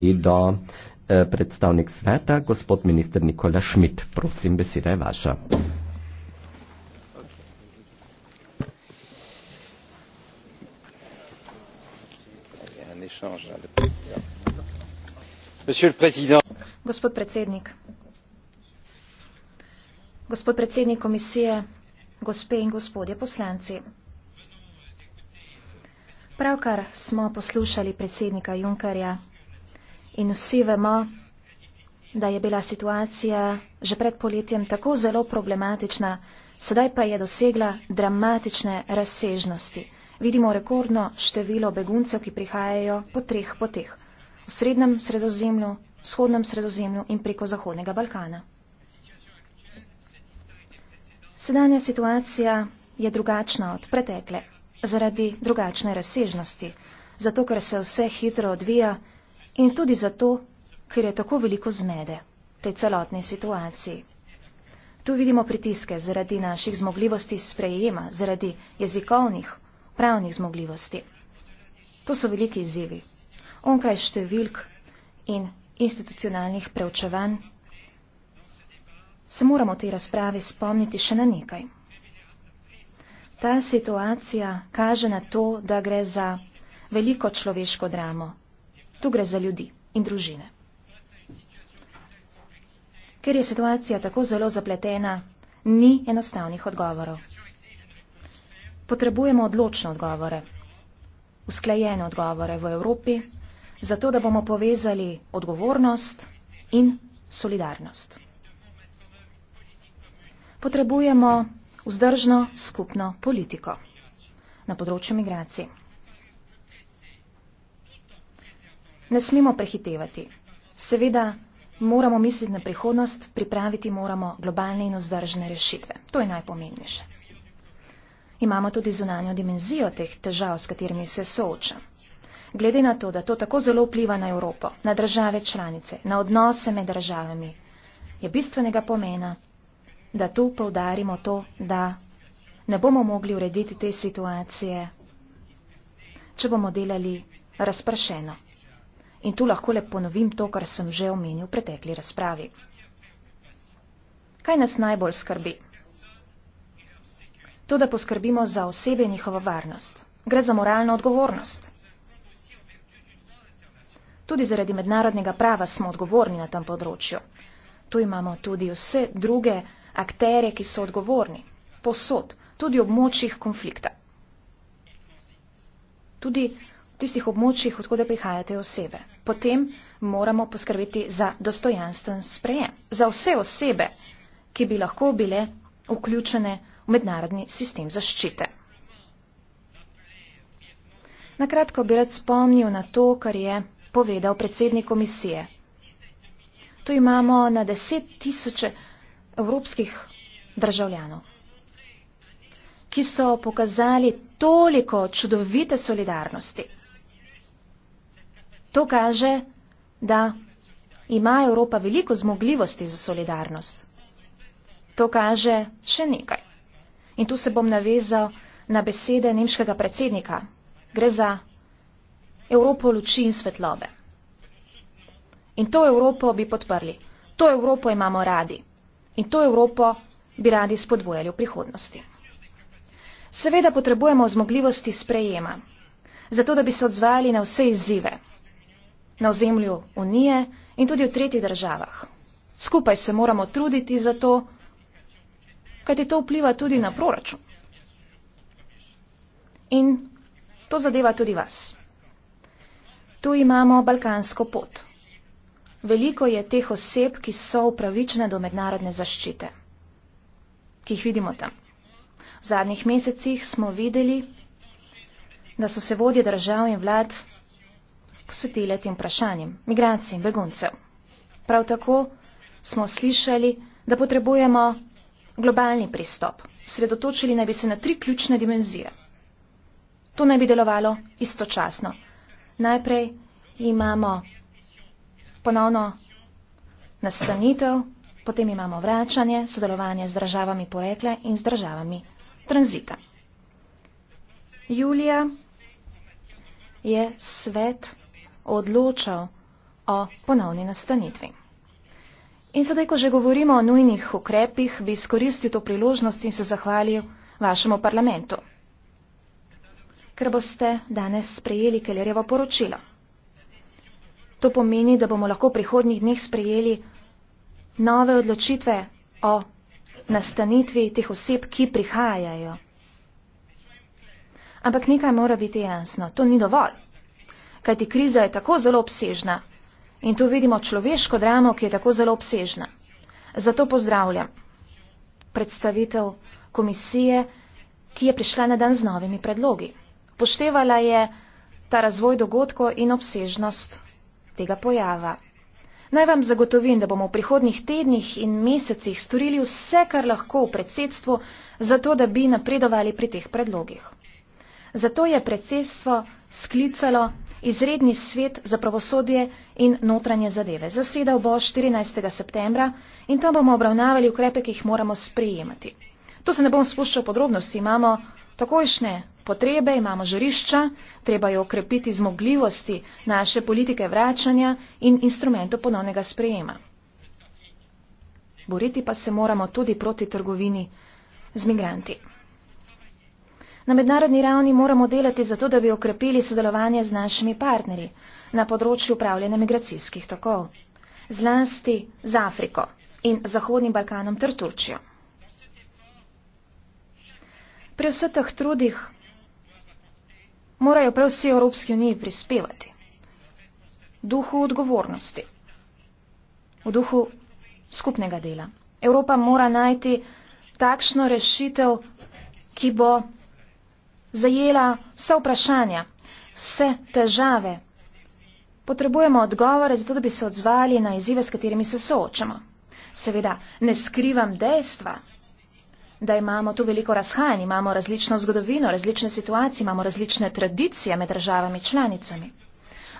in do eh, predstavnik sveta, gospod minister Nikola Šmit. Prosim, beseda je vaša. Gospod predsednik, gospod predsednik komisije, gospe in gospodje poslanci, pravkar smo poslušali predsednika Junkarja. In vsi vemo, da je bila situacija že pred poletjem tako zelo problematična, sedaj pa je dosegla dramatične razsežnosti. Vidimo rekordno število beguncev, ki prihajajo po treh poteh. V srednjem sredozemlju, vzhodnem sredozemlju in preko Zahodnega Balkana. Sedanja situacija je drugačna od pretekle, zaradi drugačne razsežnosti, zato ker se vse hitro odvija In tudi zato, ker je tako veliko zmede v tej celotni situaciji. Tu vidimo pritiske zaradi naših zmogljivosti sprejema, zaradi jezikovnih, pravnih zmogljivosti. To so veliki izzivi. Onkaj številk in institucionalnih preučevanj se moramo v tej razpravi spomniti še na nekaj. Ta situacija kaže na to, da gre za veliko človeško dramo, Tu gre za ljudi in družine. Ker je situacija tako zelo zapletena, ni enostavnih odgovorov. Potrebujemo odločne odgovore, usklajene odgovore v Evropi, zato da bomo povezali odgovornost in solidarnost. Potrebujemo vzdržno skupno politiko na področju migracije. Ne smemo prehitevati. Seveda moramo misliti na prihodnost, pripraviti moramo globalne in vzdržne rešitve. To je najpomembnejše. Imamo tudi zunanjo dimenzijo teh težav, s katerimi se sooča. Glede na to, da to tako zelo vpliva na Evropo, na države članice, na odnose med državami, je bistvenega pomena, da tu povdarimo to, da ne bomo mogli urediti te situacije, če bomo delali razpršeno. In tu lahko le ponovim to, kar sem že omenil v pretekli razpravi. Kaj nas najbolj skrbi? To, da poskrbimo za osebe in njihovo varnost. Gre za moralno odgovornost. Tudi zaradi mednarodnega prava smo odgovorni na tem področju. Tu imamo tudi vse druge akterje, ki so odgovorni. Posod, tudi območjih konflikta. Tudi tistih območjih, odkud prihajate osebe. Potem moramo poskrbeti za dostojanstven sprejem. Za vse osebe, ki bi lahko bile vključene v mednarodni sistem zaščite. Nakratko bi rad spomnil na to, kar je povedal predsednik komisije. Tu imamo na deset tisoče evropskih državljanov, ki so pokazali toliko čudovite solidarnosti. To kaže, da ima Evropa veliko zmogljivosti za solidarnost. To kaže še nekaj. In tu se bom navezal na besede nemškega predsednika. Gre za Evropo luči in svetlobe. In to Evropo bi podprli. To Evropo imamo radi. In to Evropo bi radi spodbujali v prihodnosti. Seveda potrebujemo zmogljivosti sprejema, zato da bi se odzvali na vse izzive na ozemlju Unije in tudi v tretjih državah. Skupaj se moramo truditi za to, kajti to vpliva tudi na proračun. In to zadeva tudi vas. Tu imamo balkansko pot. Veliko je teh oseb, ki so upravičene do mednarodne zaščite, ki jih vidimo tam. V zadnjih mesecih smo videli, da so se vodje držav in vlad posvetile tem vprašanjem migracij in beguncev. Prav tako smo slišali, da potrebujemo globalni pristop. Sredotočili naj bi se na tri ključne dimenzije. To naj bi delovalo istočasno. Najprej imamo ponovno nastanitev, potem imamo vračanje, sodelovanje z državami porekle in z državami tranzita. Julija je svet odločal o ponovni nastanitvi. In sedaj, ko že govorimo o nujnih ukrepih, bi izkoristil to priložnost in se zahvalil vašemu parlamentu, ker boste danes sprejeli Kellerjevo poročilo. To pomeni, da bomo lahko v prihodnjih dneh sprejeli nove odločitve o nastanitvi teh oseb, ki prihajajo. Ampak nekaj mora biti jasno, to ni dovolj kajti kriza je tako zelo obsežna. In tu vidimo človeško dramo, ki je tako zelo obsežna. Zato pozdravljam predstavitev komisije, ki je prišla na dan z novimi predlogi. Poštevala je ta razvoj dogodkov in obsežnost tega pojava. Naj vam zagotovim, da bomo v prihodnih tednih in mesecih storili vse, kar lahko v predsedstvu, zato da bi napredovali pri teh predlogih. Zato je predsedstvo sklicalo izredni svet za pravosodje in notranje zadeve. Zasedal bo 14. septembra in tam bomo obravnavali ukrepe, ki jih moramo sprejemati. Tu se ne bom spuščal podrobnosti, imamo takojšnje potrebe, imamo žarišča, treba je okrepiti zmogljivosti naše politike vračanja in instrumentov ponovnega sprejema. Boriti pa se moramo tudi proti trgovini z migranti. Na mednarodni ravni moramo delati zato, da bi okrepili sodelovanje z našimi partnerji na področju upravljanja migracijskih tokov, zlasti z Afriko in Zahodnim Balkanom ter Turčijo. Pri vseh teh trudih morajo prav vsi Evropski uniji prispevati duhu odgovornosti, v duhu skupnega dela. Evropa mora najti takšno rešitev, ki bo zajela vsa vprašanja, vse težave. Potrebujemo odgovore, zato da bi se odzvali na izzive, s katerimi se soočamo. Seveda, ne skrivam dejstva, da imamo tu veliko razhajanj, imamo različno zgodovino, različne situacije, imamo različne tradicije med državami članicami.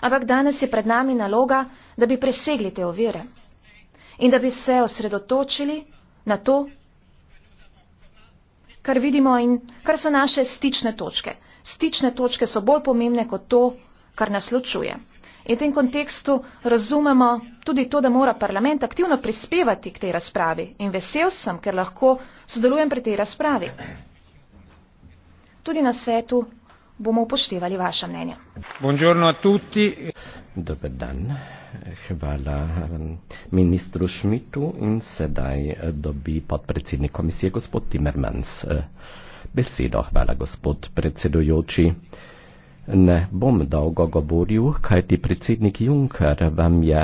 Ampak danes je pred nami naloga, da bi presegli te ovire in da bi se osredotočili na to, kar vidimo in kar so naše stične točke. Stične točke so bolj pomembne kot to, kar nas ločuje. In v tem kontekstu razumemo tudi to, da mora parlament aktivno prispevati k tej razpravi. In vesel sem, ker lahko sodelujem pri tej razpravi. Tudi na svetu bomo upoštevali vaša mnenja. Buongiorno a tutti. Dober dan. Hvala ministru Šmitu in sedaj eh, dobi podpredsednik komisije gospod Timmermans eh, besedo. Hvala gospod predsedujoči. Ne bom dolgo govoril, kajti predsednik Juncker vam je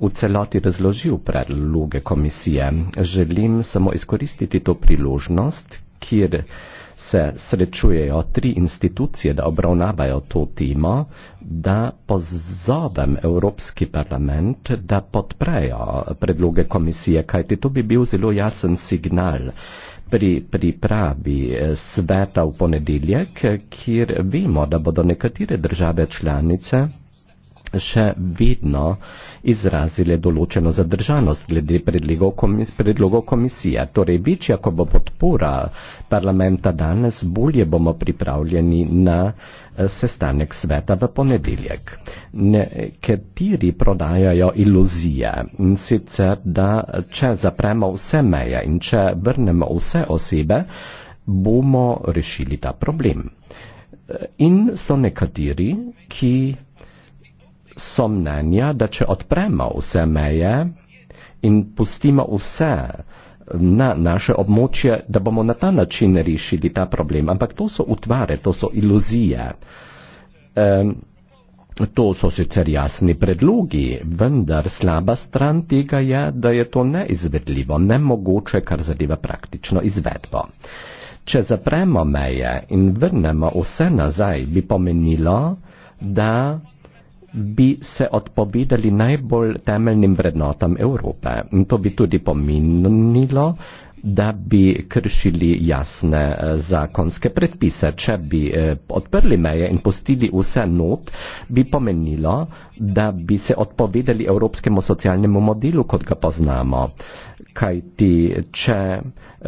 v celoti razložil predloge komisije. Želim samo izkoristiti to priložnost, kjer se srečujejo tri institucije, da obravnavajo to temo, da pozovem Evropski parlament, da podprejo predloge komisije, kajti to bi bil zelo jasen signal pri pripravi eh, sveta v ponedeljek, kjer vemo, da bodo nekatere države članice še vedno izrazile določeno zadržanost glede predlogov komisije. Torej, večja, ko bo podpora parlamenta danes, bolje bomo pripravljeni na eh, sestanek sveta v ponedeljek. Nekateri prodajajo iluzije in sicer, da če zapremo vse meje in če vrnemo vse osebe, bomo rešili ta problem. In so nekateri, ki so mnenja, da če odpremo vse meje in pustimo vse na naše območje, da bomo na ta način rešili ta problem. Ampak to so utvare, to so iluzije. E, to so sicer jasni predlogi, vendar slaba stran tega je, da je to neizvedljivo, nemogoče, kar zadeva praktično izvedbo. Če zapremo meje in vrnemo vse nazaj, bi pomenilo, da bi se odpovedali najbolj temeljnim vrednotam Evrope. In to bi tudi pomenilo, da bi kršili jasne eh, zakonske predpise. Če bi eh, odprli meje in postili vse not, bi pomenilo, da bi se odpovedali evropskemu socialnemu modelu, kot ga poznamo. Kaj ti, če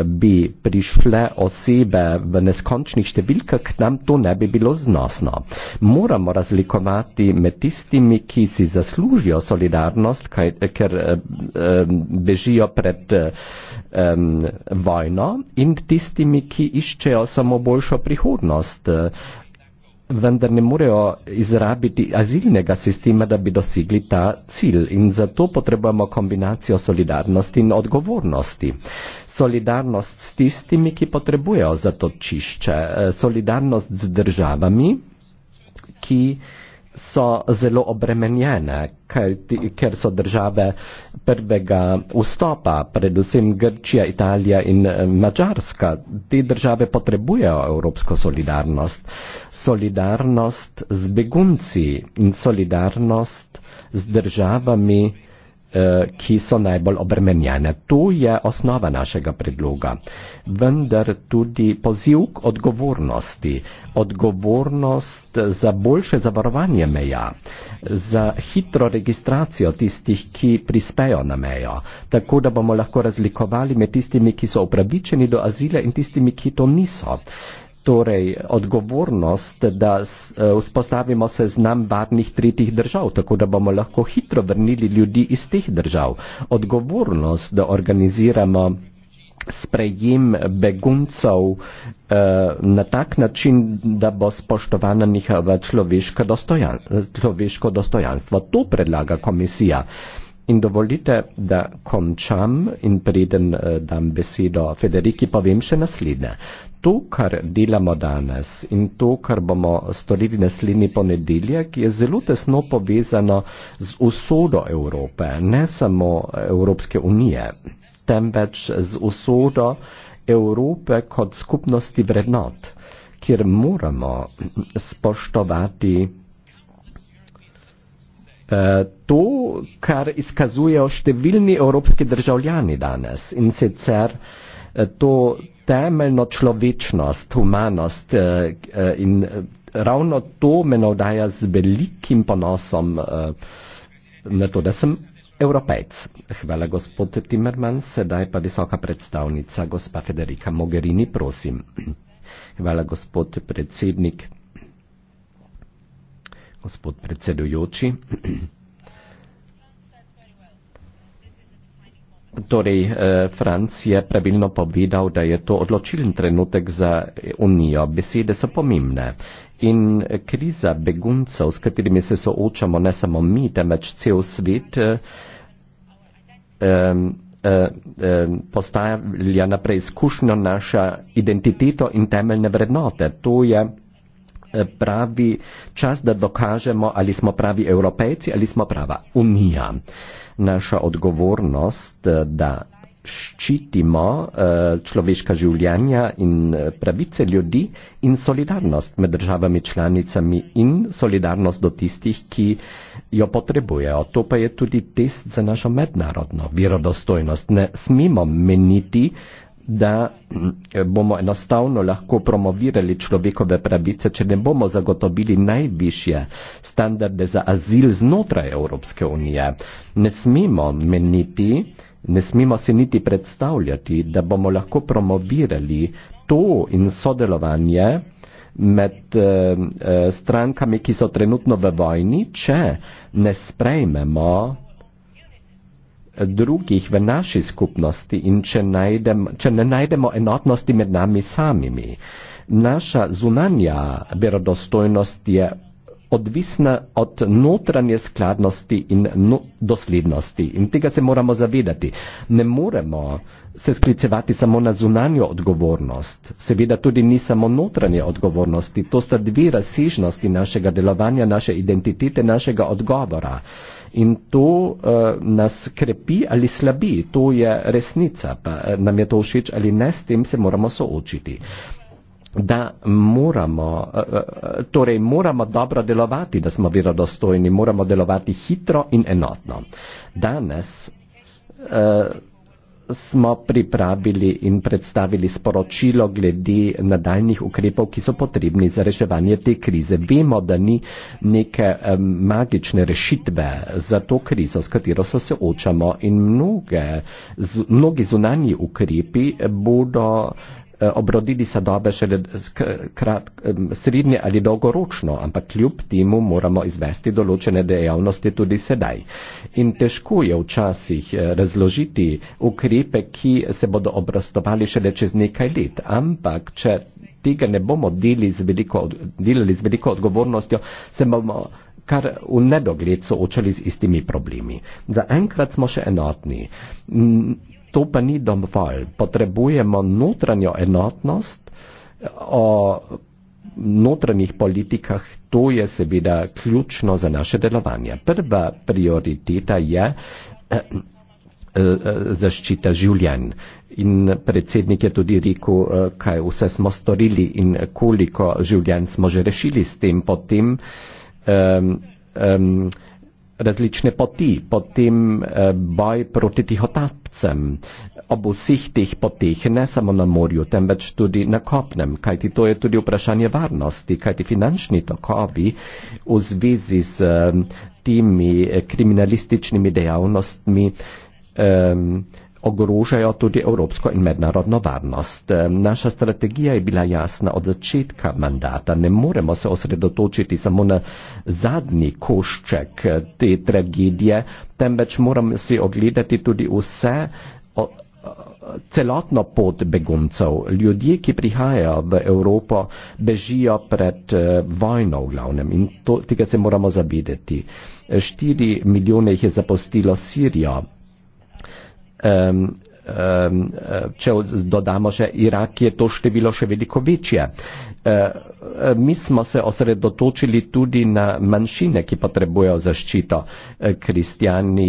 bi prišle osebe v neskončnih številkah, nam to ne bi bilo znosno. Moramo razlikovati med tistimi, ki si zaslužijo solidarnost, kaj, ker eh, eh bežijo pred eh, um, vojno in tistimi, ki iščejo samo boljšo prihodnost, eh, vendar ne morejo izrabiti azilnega sistema, da bi dosegli ta cilj. In zato potrebujemo kombinacijo solidarnosti in odgovornosti. Solidarnost s tistimi, ki potrebujejo za to čišče, eh, solidarnost z državami, ki so zelo obremenjene, ker so države prvega vstopa, predvsem Grčija, Italija in eh, Mačarska. Te države potrebujejo evropsko solidarnost, solidarnost z begunci in solidarnost z državami, Eh, ki so najbolj obremenjene. Tu je osnova našega predloga. Vendar tudi poziv k odgovornosti, odgovornost za boljše zavarovanje meja, za hitro registracijo tistih, ki prispejo na mejo, tako da bomo lahko razlikovali med tistimi, ki so upravičeni do azila in tistimi, ki to niso. Uh, torej odgovornost, da e, vzpostavimo seznam varnih tretjih držav, tako da bomo lahko hitro vrnili ljudi iz teh držav. Odgovornost, da organiziramo sprejem beguncev e, na tak način, da bo spoštovana njihova dostojan, človeško dostojanstvo. To predlaga komisija. In dovolite, da končam in preden eh, dam besedo Federiki, povem še naslednje. To, kar delamo danes in to, kar bomo storili naslednji ponedeljek, je zelo tesno povezano z usodo Evrope, ne samo Evropske unije, temveč z usodo Evrope kot skupnosti vrednot, kjer moramo spoštovati Eh, to, kar izkazujejo številni evropski državljani danes in sicer eh, to temeljno človečnost, humanost eh, in ravno to me navdaja z velikim ponosom na to, da sem evropejc. Hvala gospod Timerman, sedaj pa visoka predstavnica gospa Federika Mogherini, prosim. Hvala gospod predsednik gospod predsedujoči. Torej, eh, Franc je pravilno povedal, da je to odločilen trenutek za Unijo. Besede so pomembne. In kriza beguncev, s katerimi se soočamo ne samo mi, temveč cel svet, eh, eh, postavlja na preizkušnjo naša identiteto in temeljne vrednote. To je Eh, pravi čas, da dokažemo, ali smo pravi evropejci, ali smo prava unija. Naša odgovornost, eh, da ščitimo eh, človeška življenja in pravice ljudi in solidarnost med državami članicami in solidarnost do tistih, ki jo potrebujejo. To pa je tudi test za našo mednarodno verodostojnost. Ne smemo meniti, da eh, bomo enostavno lahko promovirali človekove pravice, če ne bomo zagotovili najvišje standarde za azil znotraj Evropske unije. Ne smemo meniti, ne smemo se niti predstavljati, da bomo lahko promovirali to in sodelovanje med e, strankami, ki so trenutno v vojni, če ne sprejmemo drugih v naši skupnosti in če, najdem, če ne najdemo enotnosti med nami samimi. Naša zunanja verodostojnost je odvisna od notranje skladnosti in no, doslednosti. In tega se moramo zavedati. Ne moremo se sklicevati samo na zunanjo odgovornost. Seveda tudi ni samo notranje odgovornosti. To sta dve razsežnosti našega delovanja, naše identitete, našega odgovora. Uh, In to uh, nas krepi ali slabi, to je resnica, pa uh, nam je to všeč ali ne, s tem se moramo soočiti. Da moramo, uh, torej moramo dobro delovati, da smo verodostojni, moramo delovati hitro in enotno. Danes uh, smo pripravili in predstavili sporočilo glede nadaljnih ukrepov, ki so potrebni za reševanje te krize. Vemo, da ni neke magične rešitve za to krizo, s katero se soočamo in mnoge, z, mnogi zunanji ukrepi bodo Eh, obrodili sadove šele krat, srednje ali dolgoročno, ampak kljub temu moramo izvesti določene dejavnosti tudi sedaj. In težko je včasih eh, razložiti ukrepe, ki se bodo obrastovali šele čez nekaj let, ampak če tega ne bomo z veliko, delali z veliko odgovornostjo, se bomo kar v nedogled soočali z istimi problemi. Za enkrat smo še enotni to pa ni dovolj. Potrebujemo notranjo enotnost o notranjih politikah, to je seveda ključno za naše delovanje. Prva prioriteta je eh, eh, zaščita življenj. In predsednik je tudi rekel, eh, kaj vse smo storili in koliko življenj smo že rešili s tem. Potem um, um, različne poti, potem eh, boj proti tihotapcem, ob vseh teh poteh, ne samo na morju, temveč tudi na kopnem, kajti to je tudi vprašanje varnosti, kajti finančni tokovi v zvezi s eh, temi eh, kriminalističnimi dejavnostmi. Um, ogrožajo tudi evropsko in mednarodno varnost. E, naša strategija je bila jasna od začetka mandata. Ne moremo se osredotočiti samo na zadnji košček e, te tragedije, temveč moramo si ogledati tudi vse celotno pot beguncev. Ljudje, ki prihajajo v Evropo, bežijo pred e, vojno v glavnem in to, tega se moramo zavedeti. 4 milijone jih je zapustilo Sirijo, um, um, če dodamo še Irak, je to število še veliko večje. E, e, mi smo se osredotočili tudi na manjšine, ki potrebujejo zaščito, e, kristijani,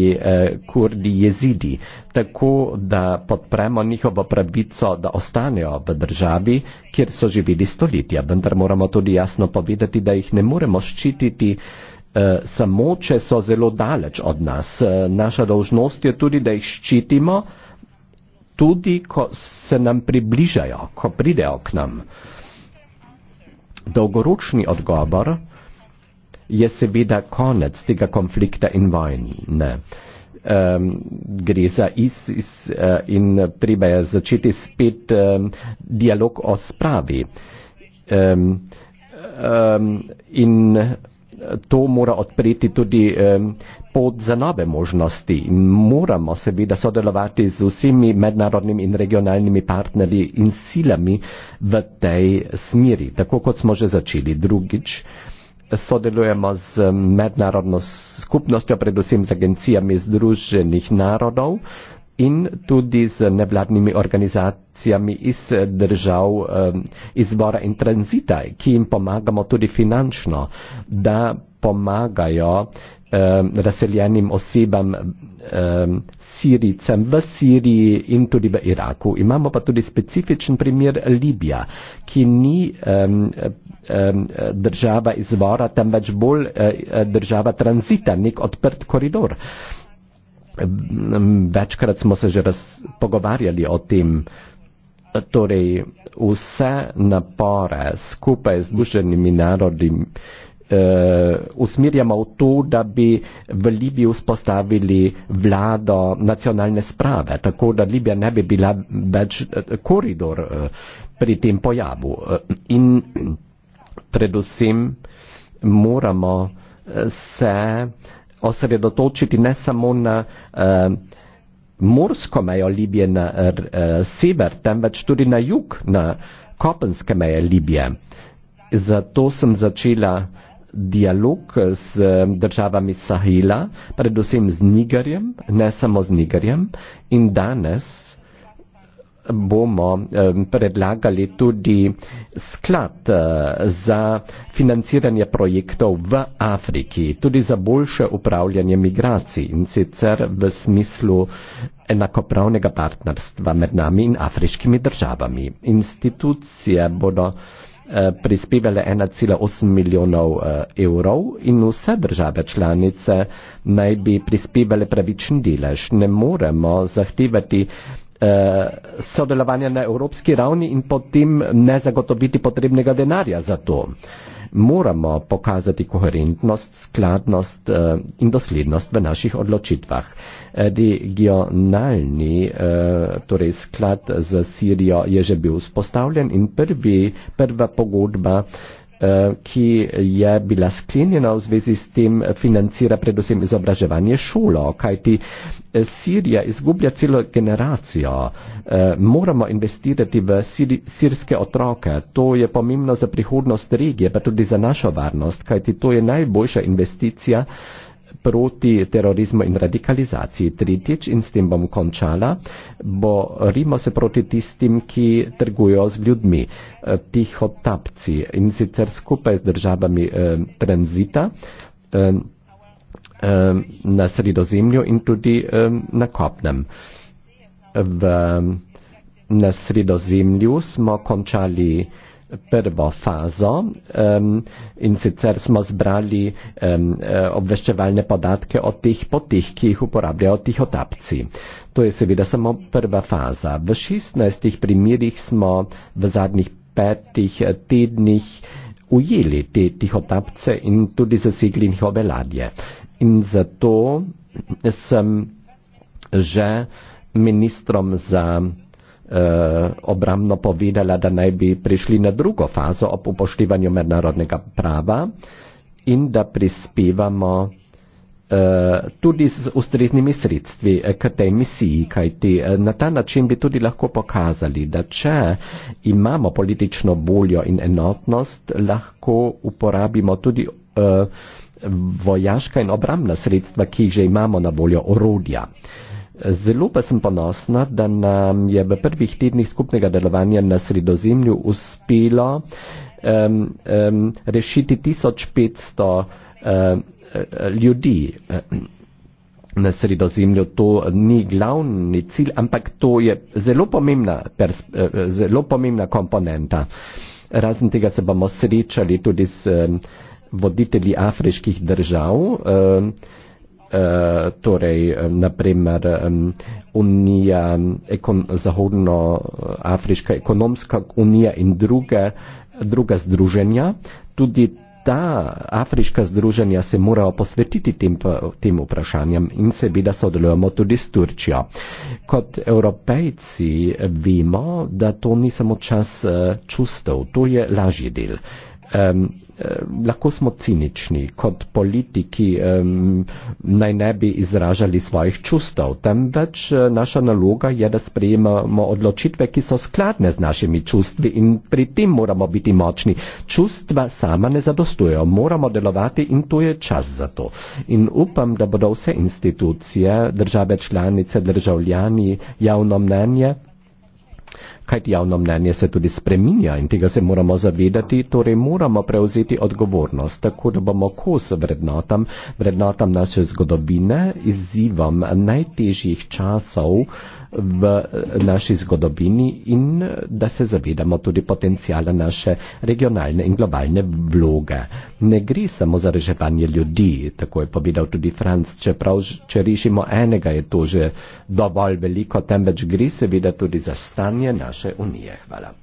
kurdi, jezidi, tako da podpremo njihovo pravico, da ostanejo v državi, kjer so živeli stoletja, vendar moramo tudi jasno povedati, da jih ne moremo ščititi Eh, samo, če so zelo daleč od nas. Eh, naša dolžnost je tudi, da jih ščitimo, tudi ko se nam približajo, ko pridejo k nam. Dolgoročni odgovor je seveda konec tega konflikta in vojne. Um, gre za ISIS is, uh, eh, in treba je začeti spet um, dialog o spravi. Um, um, in to mora odpreti tudi pot za nove možnosti. Moramo seveda sodelovati z vsemi mednarodnimi in regionalnimi partnerji in silami v tej smeri, tako kot smo že začeli drugič. Sodelujemo z mednarodno skupnostjo, predvsem z agencijami Združenih narodov, in tudi z nevladnimi organizacijami iz eh, držav eh, izbora in tranzita, ki jim pomagamo tudi finančno, da pomagajo eh, razseljenim osebam Siricem v Siriji in tudi v Iraku. Imamo pa tudi specifičen primer Libija, ki ni država izvora, temveč bolj država tranzita, nek odprt koridor večkrat smo se že raz, pogovarjali o tem. Torej, vse napore skupaj z duševnimi narodi eh, usmirjamo v to, da bi v Libiji vzpostavili vlado nacionalne sprave, tako da Libija ne bi bila več e, koridor eh, pri tem pojavu. E, in predvsem moramo e, se eh, osredotočiti ne samo na uh, morsko mejo Libije na uh, sever, temveč tudi na jug, na kopenske meje Libije. Zato sem začela dialog eh, z državami Sahila, predvsem z Nigerjem, ne samo z Nigerjem, in danes bomo predlagali tudi sklad eh, za financiranje projektov v Afriki, tudi za boljše upravljanje migracij in sicer v smislu enakopravnega partnerstva med nami in afriškimi državami. Institucije bodo eh, prispevale 1,8 milijonov eh, evrov in vse države članice naj bi prispevale pravični delež. Ne moremo zahtevati Eh, sodelovanja na evropski ravni in potem ne zagotoviti potrebnega denarja za to. Moramo pokazati koherentnost, skladnost eh, in doslednost v naših odločitvah. Regionalni eh, torej sklad za Sirijo je že bil vzpostavljen in prvi, prva pogodba Eh, ki je bila sklenjena v zvezi s tem, eh, financira predvsem izobraževanje šolo, kajti eh, Sirija izgublja celo generacijo. Moramo investirati v sir sirske otroke. To je pomembno za prihodnost regije, pa tudi za našo varnost, kajti to je najboljša investicija proti terorizmu in radikalizaciji. Tretjič, in s tem bom končala, borimo se proti tistim, ki trgujo z ljudmi, eh, tiho tapci in sicer skupaj z državami eh, tranzita eh, eh, na sredozemlju in tudi eh, na kopnem. V, na sredozemlju smo končali eh, prvo fazo um, in sicer smo zbrali um, obveščevalne podatke o tih potih, ki jih uporabljajo ti otapci. To je seveda samo prva faza. V 16 primerih smo v zadnjih petih eh, tednih ujeli te tihotapce in tudi zasegli njihove ladje. In zato sem že ministrom za Eh, obramno povedala, da naj bi prišli na drugo fazo ob upoštevanju mednarodnega prava in da prispevamo eh, tudi z ustreznimi sredstvi eh, k tej misiji, kajti na ta način bi tudi lahko pokazali, da če imamo politično voljo in enotnost, lahko uporabimo tudi vojaška in obramna sredstva, ki jih že imamo na voljo orodja. Zelo pa sem ponosna, da nam je v prvih tednih skupnega delovanja na sredozemlju uspelo um, um, rešiti 1500 uh, ljudi na sredozemlju. To ni glavni cilj, ampak to je zelo pomembna, zelo pomembna komponenta. Razen tega se bomo srečali tudi s um, voditelji afriških držav. Um, Eh, torej, na primer, unija, ekon, zahodnoafriška eh, ekonomska unija in druge, druga združenja. Tudi ta afriška združenja se morajo posvetiti tem, tem vprašanjem in seveda sodelujemo tudi s Turčijo. Kot evropejci vemo, da to ni samo čas eh, čustev, to je lažji del. Um, lahko smo cinični kot politiki, um, naj ne bi izražali svojih čustev, temveč eh, naša naloga je, da sprejemamo odločitve, ki so skladne z našimi čustvi in pri tem moramo biti močni. Čustva sama ne zadostujejo, moramo delovati in to je čas za to. In upam, da bodo vse institucije, države članice, državljani, javno mnenje kajti javno mnenje se tudi spreminja in tega se moramo zavedati, torej moramo prevzeti odgovornost, tako da bomo kos vrednotam, vrednotam naše zgodovine, izzivam najtežjih časov v eh, naši zgodovini in eh, da se zavedamo tudi potencijala naše regionalne in globalne vloge. Ne gre samo za reševanje ljudi, tako je povedal tudi Franc, čeprav če rešimo enega, je to že dovolj veliko, temveč gre seveda tudi za stanje naše naše unije. Hvala.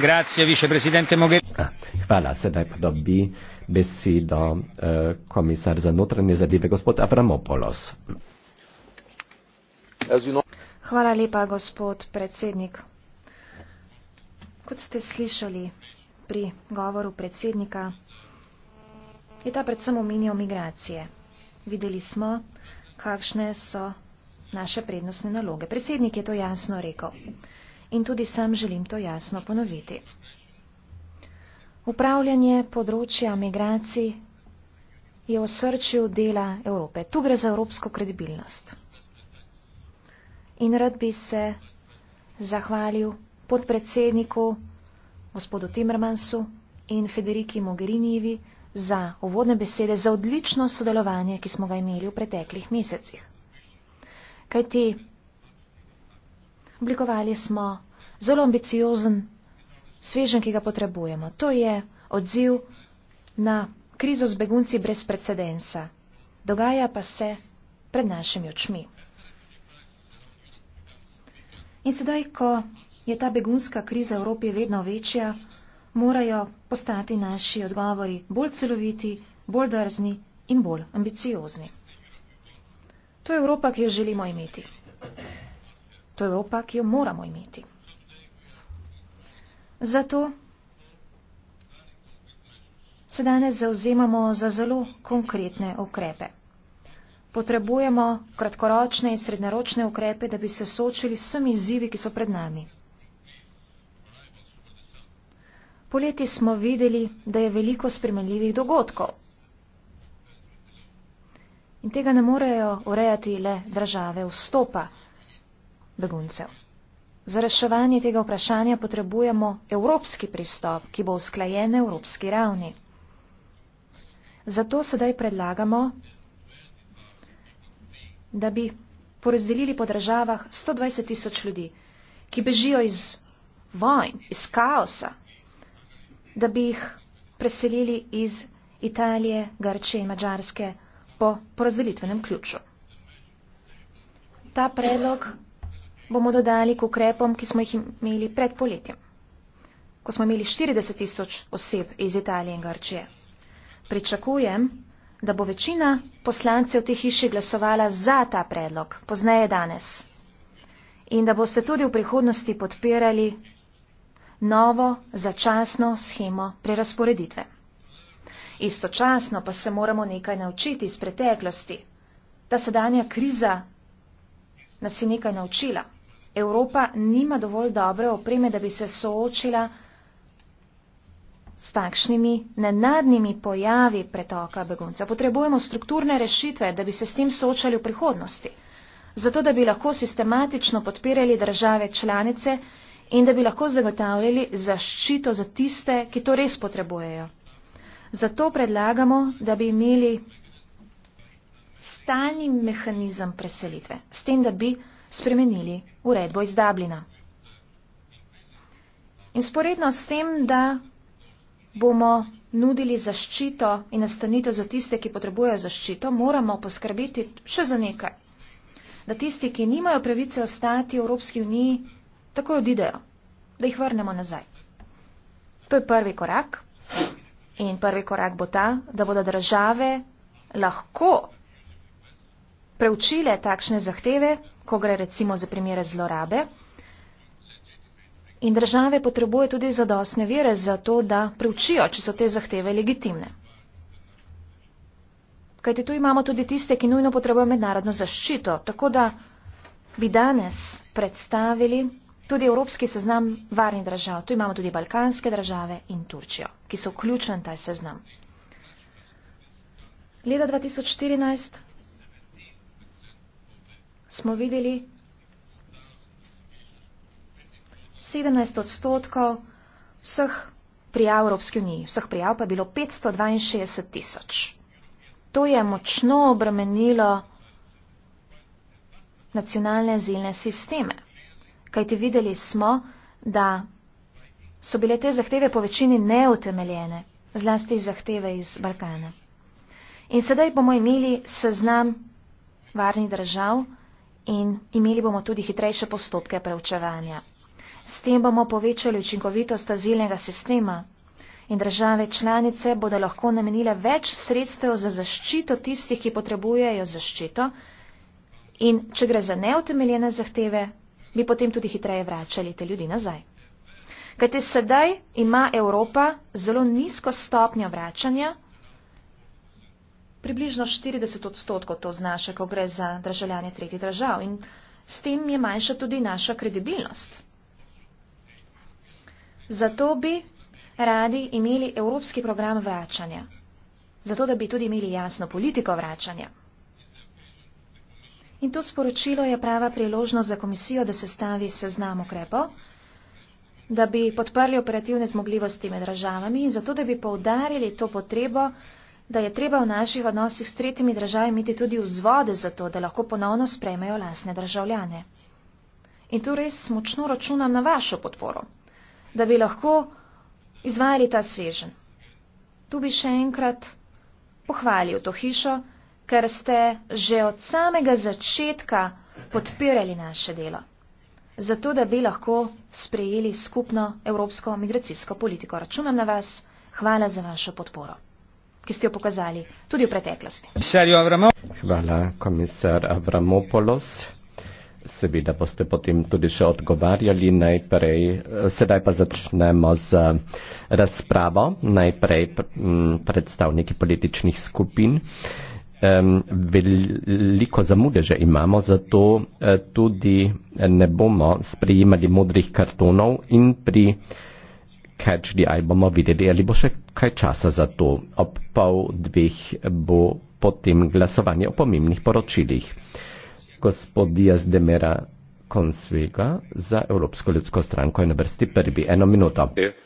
Grazie, vicepresidente Mogherini. Ah, hvala, sedaj pa dobi besedo eh, komisar za notranje zadeve, gospod Avramopoulos. Hvala lepa, gospod predsednik. Kot ste slišali pri govoru predsednika, je ta predvsem omenjal migracije. Videli smo, kakšne so naše prednostne naloge. Predsednik je to jasno rekel in tudi sam želim to jasno ponoviti. Upravljanje področja migracij je v srčju dela Evrope. Tu gre za evropsko kredibilnost. In rad bi se zahvalil podpredsedniku gospodu Timmermansu in Federiki Mogherinijevi za uvodne besede, za odlično sodelovanje, ki smo ga imeli v preteklih mesecih kajti oblikovali smo zelo ambiciozen svežen, ki ga potrebujemo. To je odziv na krizo z begunci brez precedensa. Dogaja pa se pred našimi očmi. In sedaj, ko je ta begunska kriza v Evropi vedno večja, morajo postati naši odgovori bolj celoviti, bolj drzni in bolj ambiciozni. To je Evropa, ki jo želimo imeti. To je Evropa, ki jo moramo imeti. Zato se danes zauzemamo za zelo konkretne ukrepe. Potrebujemo kratkoročne in srednjeročne ukrepe, da bi se sočili s vsemi izzivi, ki so pred nami. Poleti smo videli, da je veliko spremenljivih dogodkov in tega ne morejo urejati le države vstopa beguncev. Za reševanje tega vprašanja potrebujemo evropski pristop, ki bo usklajen na evropski ravni. Zato sedaj predlagamo, da bi porazdelili po državah 120 tisoč ljudi, ki bežijo iz vojn, iz kaosa, da bi jih preselili iz Italije, Grče in Mačarske po porazdelitvenem ključu. Ta predlog bomo dodali k ukrepom, ki smo jih imeli pred poletjem, ko smo imeli 40 tisoč oseb iz Italije in Grčije. Pričakujem, da bo večina poslancev te hiši glasovala za ta predlog, pozneje danes, in da boste tudi v prihodnosti podpirali novo začasno schemo prerasporeditve istočasno pa se moramo nekaj naučiti iz preteklosti. Ta sedanja kriza nas je nekaj naučila. Evropa nima dovolj dobre opreme, da bi se soočila s takšnimi nenadnimi pojavi pretoka begunca. Potrebujemo strukturne rešitve, da bi se s tem soočali v prihodnosti. Zato, da bi lahko sistematično podpirali države članice in da bi lahko zagotavljali zaščito za tiste, ki to res potrebujejo. Zato predlagamo, da bi imeli stalni mehanizem preselitve, s tem, da bi spremenili uredbo iz Dublina. In sporedno s tem, da bomo nudili zaščito in nastanitev za tiste, ki potrebujejo zaščito, moramo poskrbeti še za nekaj. Da tisti, ki nimajo pravice ostati v Evropski uniji, takoj odidejo, da jih vrnemo nazaj. To je prvi korak. In prvi korak bo ta, da bodo države lahko preučile takšne zahteve, ko gre recimo za primere zlorabe. In države potrebuje tudi zadostne vire za to, da preučijo, če so te zahteve legitimne. Kajti tu imamo tudi tiste, ki nujno potrebujejo mednarodno zaščito. Tako da bi danes predstavili tudi evropski seznam varnih držav. Tu imamo tudi balkanske države in Turčijo, ki so vključene v ta seznam. Leta 2014 smo videli 17 odstotkov vseh prijav Evropske unije. Vseh prijav pa je bilo 562 tisoč. To je močno obremenilo nacionalne azilne sisteme kajti videli smo, da so bile te zahteve po večini neutemeljene, zlasti zahteve iz Balkana. In sedaj bomo imeli seznam varnih držav in imeli bomo tudi hitrejše postopke preučevanja. S tem bomo povečali učinkovitost azilnega sistema in države članice bodo lahko namenile več sredstev za zaščito tistih, ki potrebujejo zaščito. In če gre za neutemeljene zahteve, bi potem tudi hitreje vračali te ljudi nazaj. Kajte sedaj ima Evropa zelo nizko stopnjo vračanja, približno 40 odstotkov to znaša, ko gre za državljanje tretjih držav in s tem je manjša tudi naša kredibilnost. Zato bi radi imeli evropski program vračanja, zato da bi tudi imeli jasno politiko vračanja. In to sporočilo je prava priložnost za komisijo, da se stavi seznam ukrepov, da bi podprli operativne zmogljivosti med državami in zato, da bi poudarili to potrebo, da je treba v naših odnosih s tretjimi državami imeti tudi vzvode za to, da lahko ponovno sprejmejo lastne državljane. In tu res močno računam na vašo podporo, da bi lahko izvajali ta svežen. Tu bi še enkrat pohvalil to hišo ker ste že od samega začetka podpirali naše delo, zato da bi lahko sprejeli skupno evropsko migracijsko politiko. Računam na vas, hvala za vašo podporo, ki ste jo pokazali tudi v preteklosti. Hvala, komisar Avramopoulos. Seveda boste potem tudi še odgovarjali najprej. Sedaj pa začnemo z razpravo. Najprej predstavniki političnih skupin veliko zamude že imamo, zato eh, tudi eh, ne bomo sprejemali modrih kartonov in pri Catch the Eye bomo videli, ali bo še kaj časa za to. Ob pol dveh bo potem glasovanje o pomembnih poročilih. Gospod Diaz de Mera Consvega za Evropsko ljudsko stranko je na vrsti prvi. Eno minuto. Eh,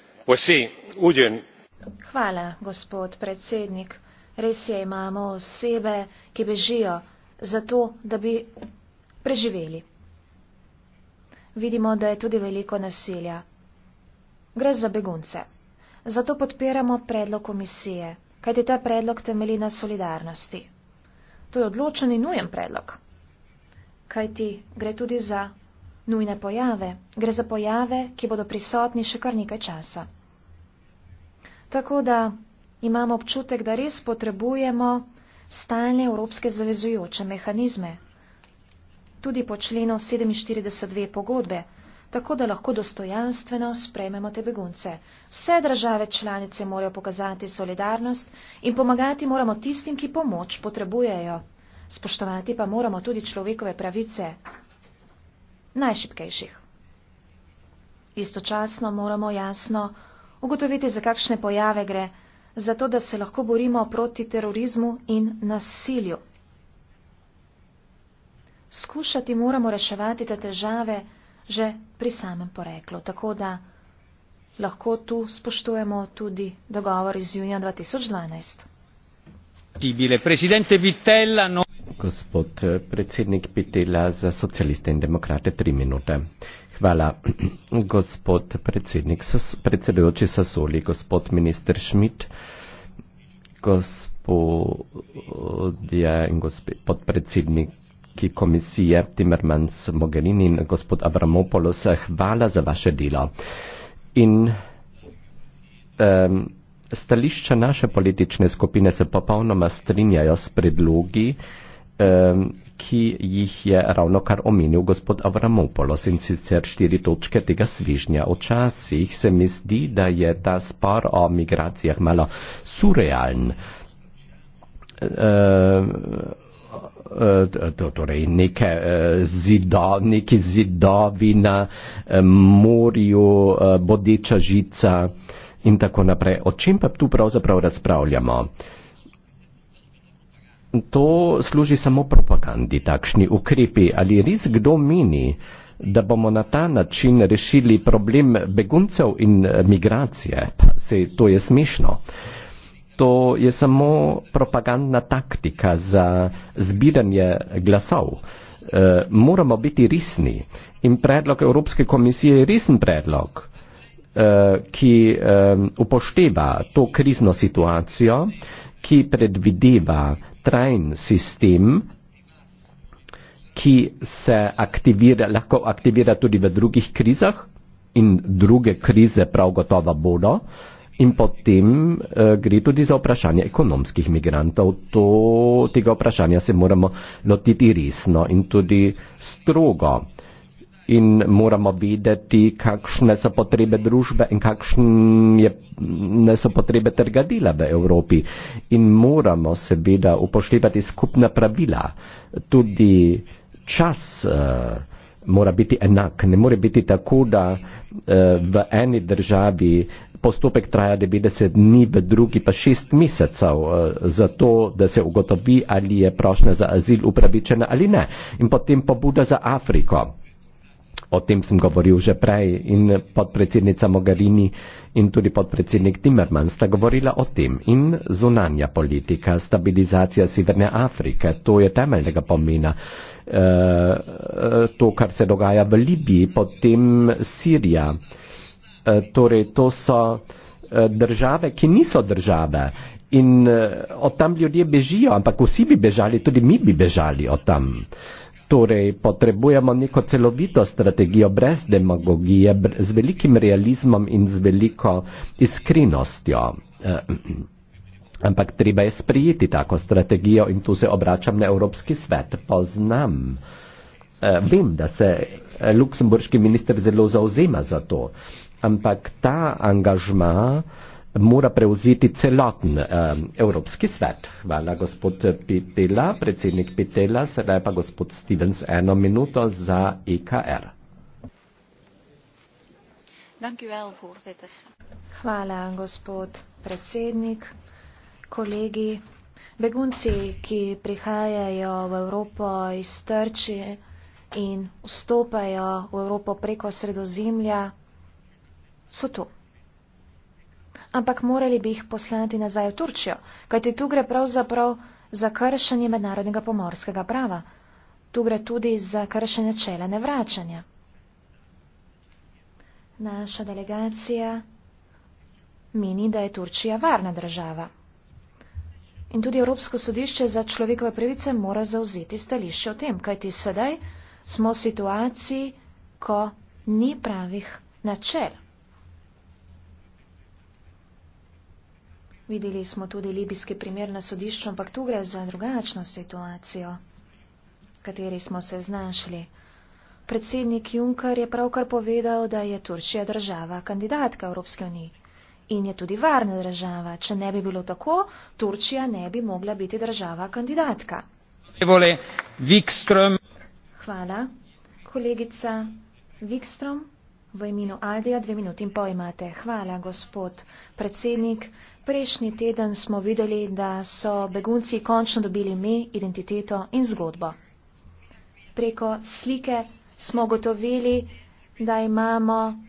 Hvala, gospod predsednik. Res je, imamo osebe, ki bežijo zato, da bi preživeli. Vidimo, da je tudi veliko nasilja. Gre za begunce. Zato podpiramo predlog komisije, kajti ta predlog temeli na solidarnosti. To je odločen in nujen predlog. Kajti gre tudi za nujne pojave, gre za pojave, ki bodo prisotni še kar nekaj časa. Tako da imam občutek, da res potrebujemo stalne evropske zavezujoče mehanizme, tudi po členu 47.2 pogodbe, tako da lahko dostojanstveno sprejmemo te begunce. Vse države članice morajo pokazati solidarnost in pomagati moramo tistim, ki pomoč potrebujejo. Spoštovati pa moramo tudi človekove pravice najšipkejših. Istočasno moramo jasno ugotoviti, za kakšne pojave gre zato da se lahko borimo proti terorizmu in nasilju. Skušati moramo reševati te težave že pri samem poreklu, tako da lahko tu spoštujemo tudi dogovor iz junija 2012. No- Gospod eh, predsednik Pitela za socialiste in demokrate, tri minute. Hvala, gospod predsednik, predsedujoči Sasoli, gospod minister Šmit, gospodje in gospod podpredsedniki komisije Timmermans Mogherin in gospod Avramopoulos, hvala za vaše delo. In um, stališča naše politične skupine se popolnoma strinjajo s predlogi, um, ki jih je ravno kar omenil gospod Avramopolos in sicer štiri točke tega svižnja. Včasih se mi zdi, da je ta spor o migracijah malo surrealen. Um, torej neke eh, zido, neki zidovi na eh, morju, bodeča žica in tako naprej. O čem pa tu pravzaprav razpravljamo? to služi samo propagandi, takšni ukrepi. Ali res kdo meni, da bomo na ta način rešili problem beguncev in eh, migracije? Pa se to je smešno. To je samo propagandna taktika za zbiranje glasov. E, moramo biti resni in predlog Evropske komisije je resen predlog, e, ki e, upošteva to krizno situacijo, ki predvideva trajen sistem, ki se aktivira, lahko aktivira tudi v drugih krizah in druge krize prav gotovo bodo. In potem uh, gre tudi za vprašanje ekonomskih migrantov. To, tega vprašanja se moramo lotiti resno in tudi strogo in moramo videti, kakšne so potrebe družbe in kakšne so potrebe trga dela v Evropi. In moramo seveda upoštevati skupna pravila. Tudi čas uh, mora biti enak. Ne more biti tako, da uh, v eni državi postopek traja 90 dni, v drugi pa 6 mesecev, uh, eh, zato da se ugotovi, ali je prošnja za azil upravičena ali ne. In potem pobuda za Afriko o tem sem govoril že prej in podpredsednica Mogherini in tudi podpredsednik Timerman sta govorila o tem in zunanja politika, stabilizacija Severne Afrike, to je temeljnega pomena. E, to, kar se dogaja v Libiji, potem Sirija. E, torej, to so države, ki niso države. In od tam ljudje bežijo, ampak vsi bi bežali, tudi mi bi bežali od tam. Torej, potrebujemo neko celovito strategijo brez demagogije, z velikim realizmom in z veliko iskrenostjo. Eh, ampak treba je sprijeti tako strategijo in tu se obračam na Evropski svet. Poznam, eh, vem, da se eh, luksemburški minister zelo zauzema za to, ampak ta angažma mora prevziti celoten um, Evropski svet. Hvala gospod Pitela, predsednik Pitela, sedaj pa gospod Stevens eno minuto za IKR. E Hvala gospod predsednik, kolegi, begunci, ki prihajajo v Evropo iz Trči in vstopajo v Evropo preko sredozemlja, so tu ampak morali bi jih poslati nazaj v Turčijo, kajti tu gre pravzaprav za kršenje mednarodnega pomorskega prava. Tu gre tudi za kršenje čela nevračanja. Naša delegacija meni, da je Turčija varna država. In tudi Evropsko sodišče za človekove pravice mora zauzeti stališče o tem, kajti sedaj smo v situaciji, ko ni pravih načel. Videli smo tudi libijski primer na sodišču, ampak tu gre za drugačno situacijo, v kateri smo se znašli. Predsednik Juncker je pravkar povedal, da je Turčija država kandidatka Evropske unije. In je tudi varna država. Če ne bi bilo tako, Turčija ne bi mogla biti država kandidatka. Hvala. Kolegica Wikström, v imenu Aldija, dve minuti in pol imate. Hvala, gospod predsednik. Prejšnji teden smo videli, da so begunci končno dobili ime, identiteto in zgodbo. Preko slike smo gotovili, da imamo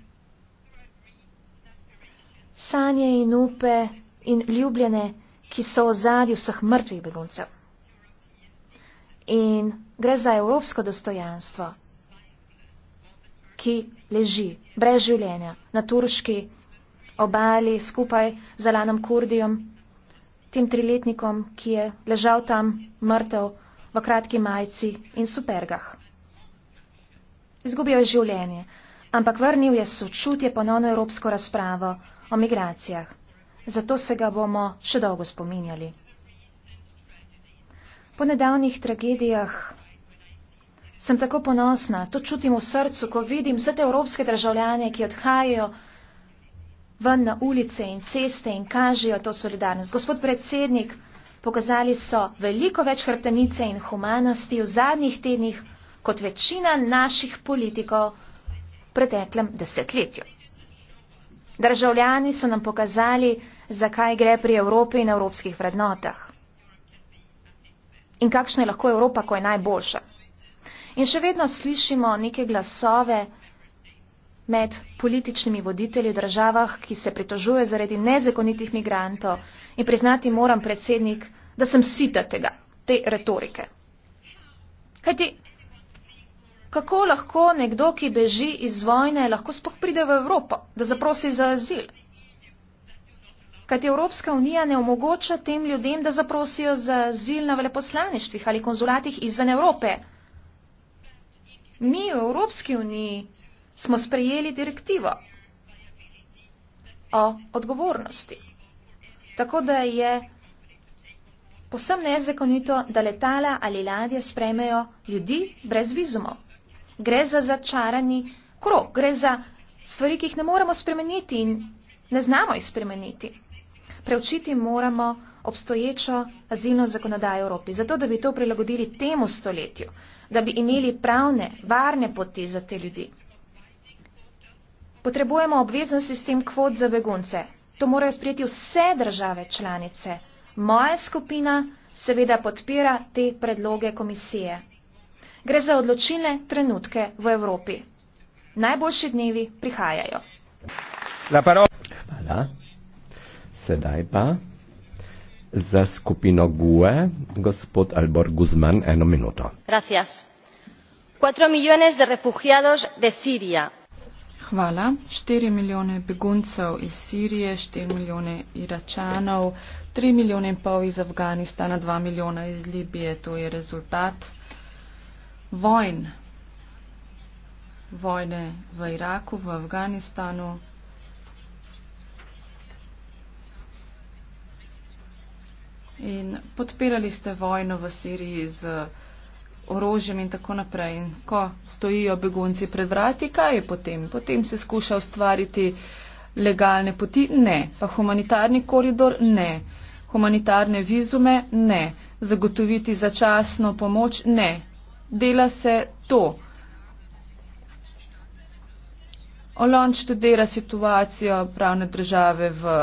sanje in upe in ljubljene, ki so v zadju vseh mrtvih beguncev. In gre za evropsko dostojanstvo, ki leži brez življenja na turški obali skupaj z Alanom Kurdijom, tem triletnikom, ki je ležal tam mrtev v kratki majici in supergah. Izgubil je življenje, ampak vrnil je sočutje ponovno evropsko razpravo o migracijah. Zato se ga bomo še dolgo spominjali. Po nedavnih tragedijah sem tako ponosna, to čutim v srcu, ko vidim vse te evropske državljane, ki odhajajo ven na ulice in ceste in kažejo to solidarnost. Gospod predsednik, pokazali so veliko več hrbtenice in humanosti v zadnjih tednih kot večina naših politikov v preteklem desetletju. Državljani so nam pokazali, zakaj gre pri Evropi in evropskih vrednotah. In kakšna je lahko Evropa, ko je najboljša. In še vedno slišimo neke glasove, med političnimi voditelji v državah, ki se pritožuje zaradi nezakonitih migrantov in priznati moram predsednik, da sem sita tega, te retorike. Kajti, kako lahko nekdo, ki beži iz vojne, lahko spoh pride v Evropo, da zaprosi za azil? Kajti Evropska unija ne omogoča tem ljudem, da zaprosijo za azil na veleposlaništvih ali konzulatih izven Evrope. Mi v Evropski uniji smo sprejeli direktivo o odgovornosti. Tako da je posem nezakonito, da letala ali ladje sprejmejo ljudi brez vizumov. Gre za začarani krok, gre za stvari, ki jih ne moremo spremeniti in ne znamo jih spremeniti. Preučiti moramo obstoječo azilno zakonodajo Evropi, zato da bi to prilagodili temu stoletju, da bi imeli pravne, varne poti za te ljudi. Potrebujemo obvezen sistem kvot za begunce. To morajo sprijeti vse države članice. Moja skupina seveda podpira te predloge komisije. Gre za odločilne trenutke v Evropi. Najboljši dnevi prihajajo. Hvala. Sedaj pa za skupino GUE, gospod Albor Guzman, eno minuto. Gracias. 4 millones de refugiados de Siria, Hvala. 4 milijone beguncev iz Sirije, 4 milijone Iračanov, 3 milijone in pol iz Afganistana, 2 milijona iz Libije. To je rezultat vojn. Vojne v Iraku, v Afganistanu. In podpirali ste vojno v Siriji z orožjem in tako naprej. In ko stojijo begunci pred vrati, kaj je potem? Potem se skuša ustvariti legalne poti? Ne. Pa humanitarni koridor? Ne. Humanitarne vizume? Ne. Zagotoviti začasno pomoč? Ne. Dela se to. Olon študira situacijo pravne države v.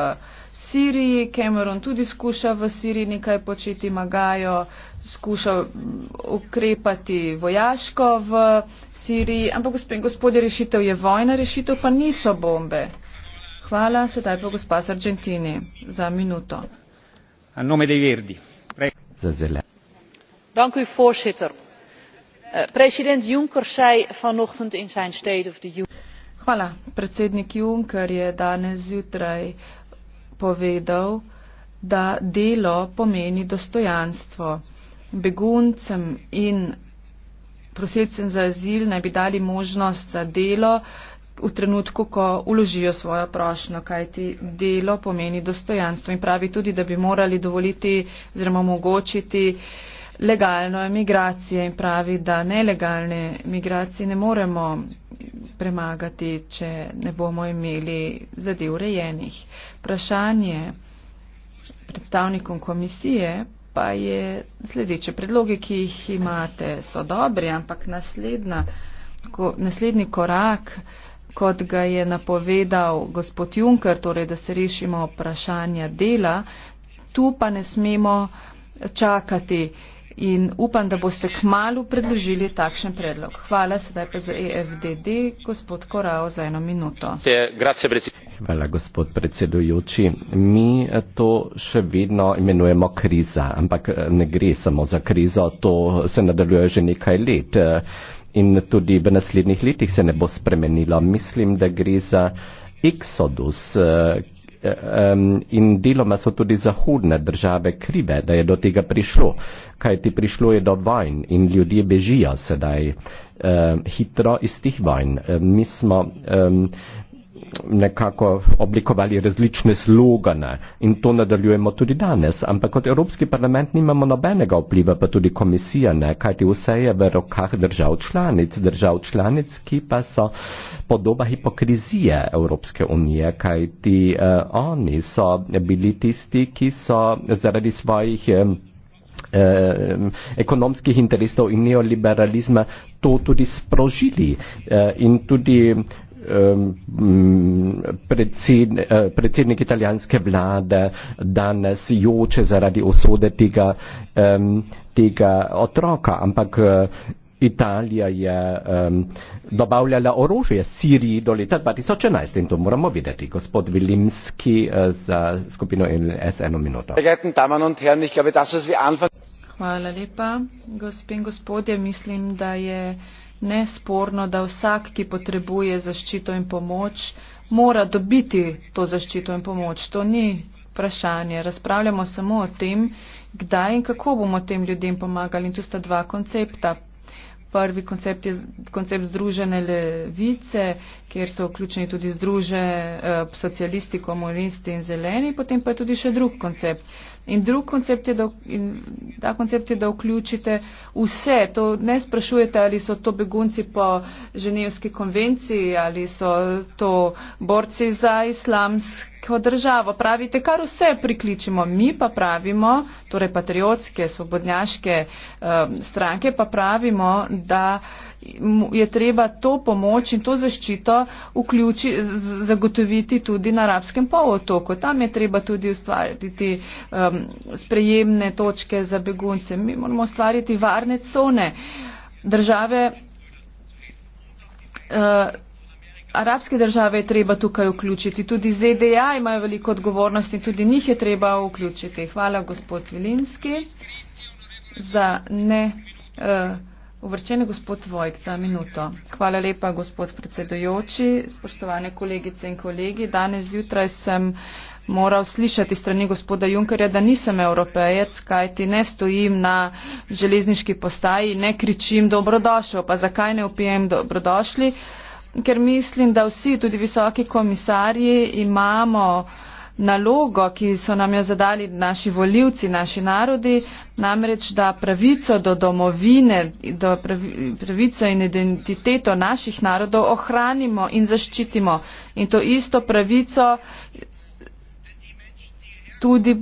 Siriji, Cameron tudi skuša v Siriji nekaj početi, Magajo skuša ukrepati vojaško v Siriji, ampak gospodje, rešitev je vojna, rešitev pa niso bombe. Hvala, sedaj pa gospa z Argentini za minuto. Za zele. Eh, Hvala, predsednik Juncker je danes zjutraj povedal, da delo pomeni dostojanstvo. Beguncem in prosilcem za azil naj bi dali možnost za delo v trenutku, ko uložijo svojo prošno, kajti delo pomeni dostojanstvo. In pravi tudi, da bi morali dovoliti oziroma omogočiti uh, legalno emigracije in pravi, da nelegalne emigracije ne moremo premagati, če ne bomo imeli zadev urejenih. Vprašanje predstavnikom komisije pa je sledeče. Predloge, ki jih imate, so dobri, ampak naslednja, ko, naslednji korak, kot ga je napovedal gospod Juncker, torej da se rešimo vprašanja dela, tu pa ne smemo čakati in upam, da boste kmalo predložili takšen predlog. Hvala, sedaj pa za EFDD, gospod Korao, za eno minuto. Hvala, gospod predsedujoči. Mi to še vedno imenujemo kriza, ampak eh, ne gre samo za krizo, to se nadaljuje že nekaj let eh, in tudi v naslednjih letih se ne bo spremenilo. Mislim, da gre za. Eksodus, eh, um, in deloma so tudi zahodne države krive, da je do tega prišlo, kaj ti prišlo je do vojn in ljudje bežijo sedaj um, hitro iz tih vojn. Um, mi smo um, nekako oblikovali različne slogane in to nadaljujemo tudi danes. Ampak kot Evropski parlament nimamo nobenega vpliva, pa tudi komisija ne, kajti vse je v rokah držav članic, držav članic, ki pa so podoba hipokrizije Evropske unije, kajti eh, oni so bili tisti, ki so zaradi svojih eh, eh ekonomskih interesov in neoliberalizma to tudi sprožili eh, in tudi Um, predsed, eh, predsednik italijanske vlade danes joče zaradi usode tega, um, tega otroka, ampak eh, Italija je um, dobavljala orožje Siriji do leta 2011 in to moramo videti. Gospod Vilimski uh, za skupino NLS eno minuto. Hvala lepa, gospod in gospodje. Mislim, da je nesporno, da vsak, ki potrebuje zaščito in pomoč, mora dobiti to zaščito in pomoč. To ni vprašanje. Razpravljamo samo o tem, kdaj in kako bomo tem ljudem pomagali. In tu sta dva koncepta. Prvi koncept je koncept združene levice, kjer so vključeni tudi združe eh, socialisti, komunisti in zeleni, potem pa je tudi še drug koncept. In drug koncept je, da, in ta koncept je, da vključite vse. To ne sprašujete, ali so to begunci po Ženevski konvenciji, ali so to borci za islamsko državo. Pravite, kar vse prikličimo. Mi pa pravimo, torej patriotske, svobodnjaške um, stranke, pa pravimo, da je treba to pomoč in to zaščito vključi, zagotoviti tudi na arabskem polotoku. Tam je treba tudi ustvariti um, sprejemne točke za begunce. Mi moramo ustvariti varne cone. Države, uh, arabske države je treba tukaj vključiti. Tudi ZDA imajo veliko odgovornosti in tudi njih je treba vključiti. Hvala gospod Vilinski za ne. Uh, eh, Uvrščen je gospod Vojk za minuto. Hvala lepa, gospod predsedojoči, spoštovane kolegice in kolegi. Danes zjutraj sem uh, moral slišati strani gospoda Junkerja, da nisem evropejec, kajti ne stojim na železniški postaji, ne kričim dobrodošel, pa zakaj ne upijem dobrodošli, ker mislim, da vsi, tudi visoki komisarji, imamo nalogo, ki so nam jo zadali naši voljivci, naši narodi, namreč, da pravico do domovine, do pravico in identiteto naših narodov ohranimo in zaščitimo. In to isto pravico tudi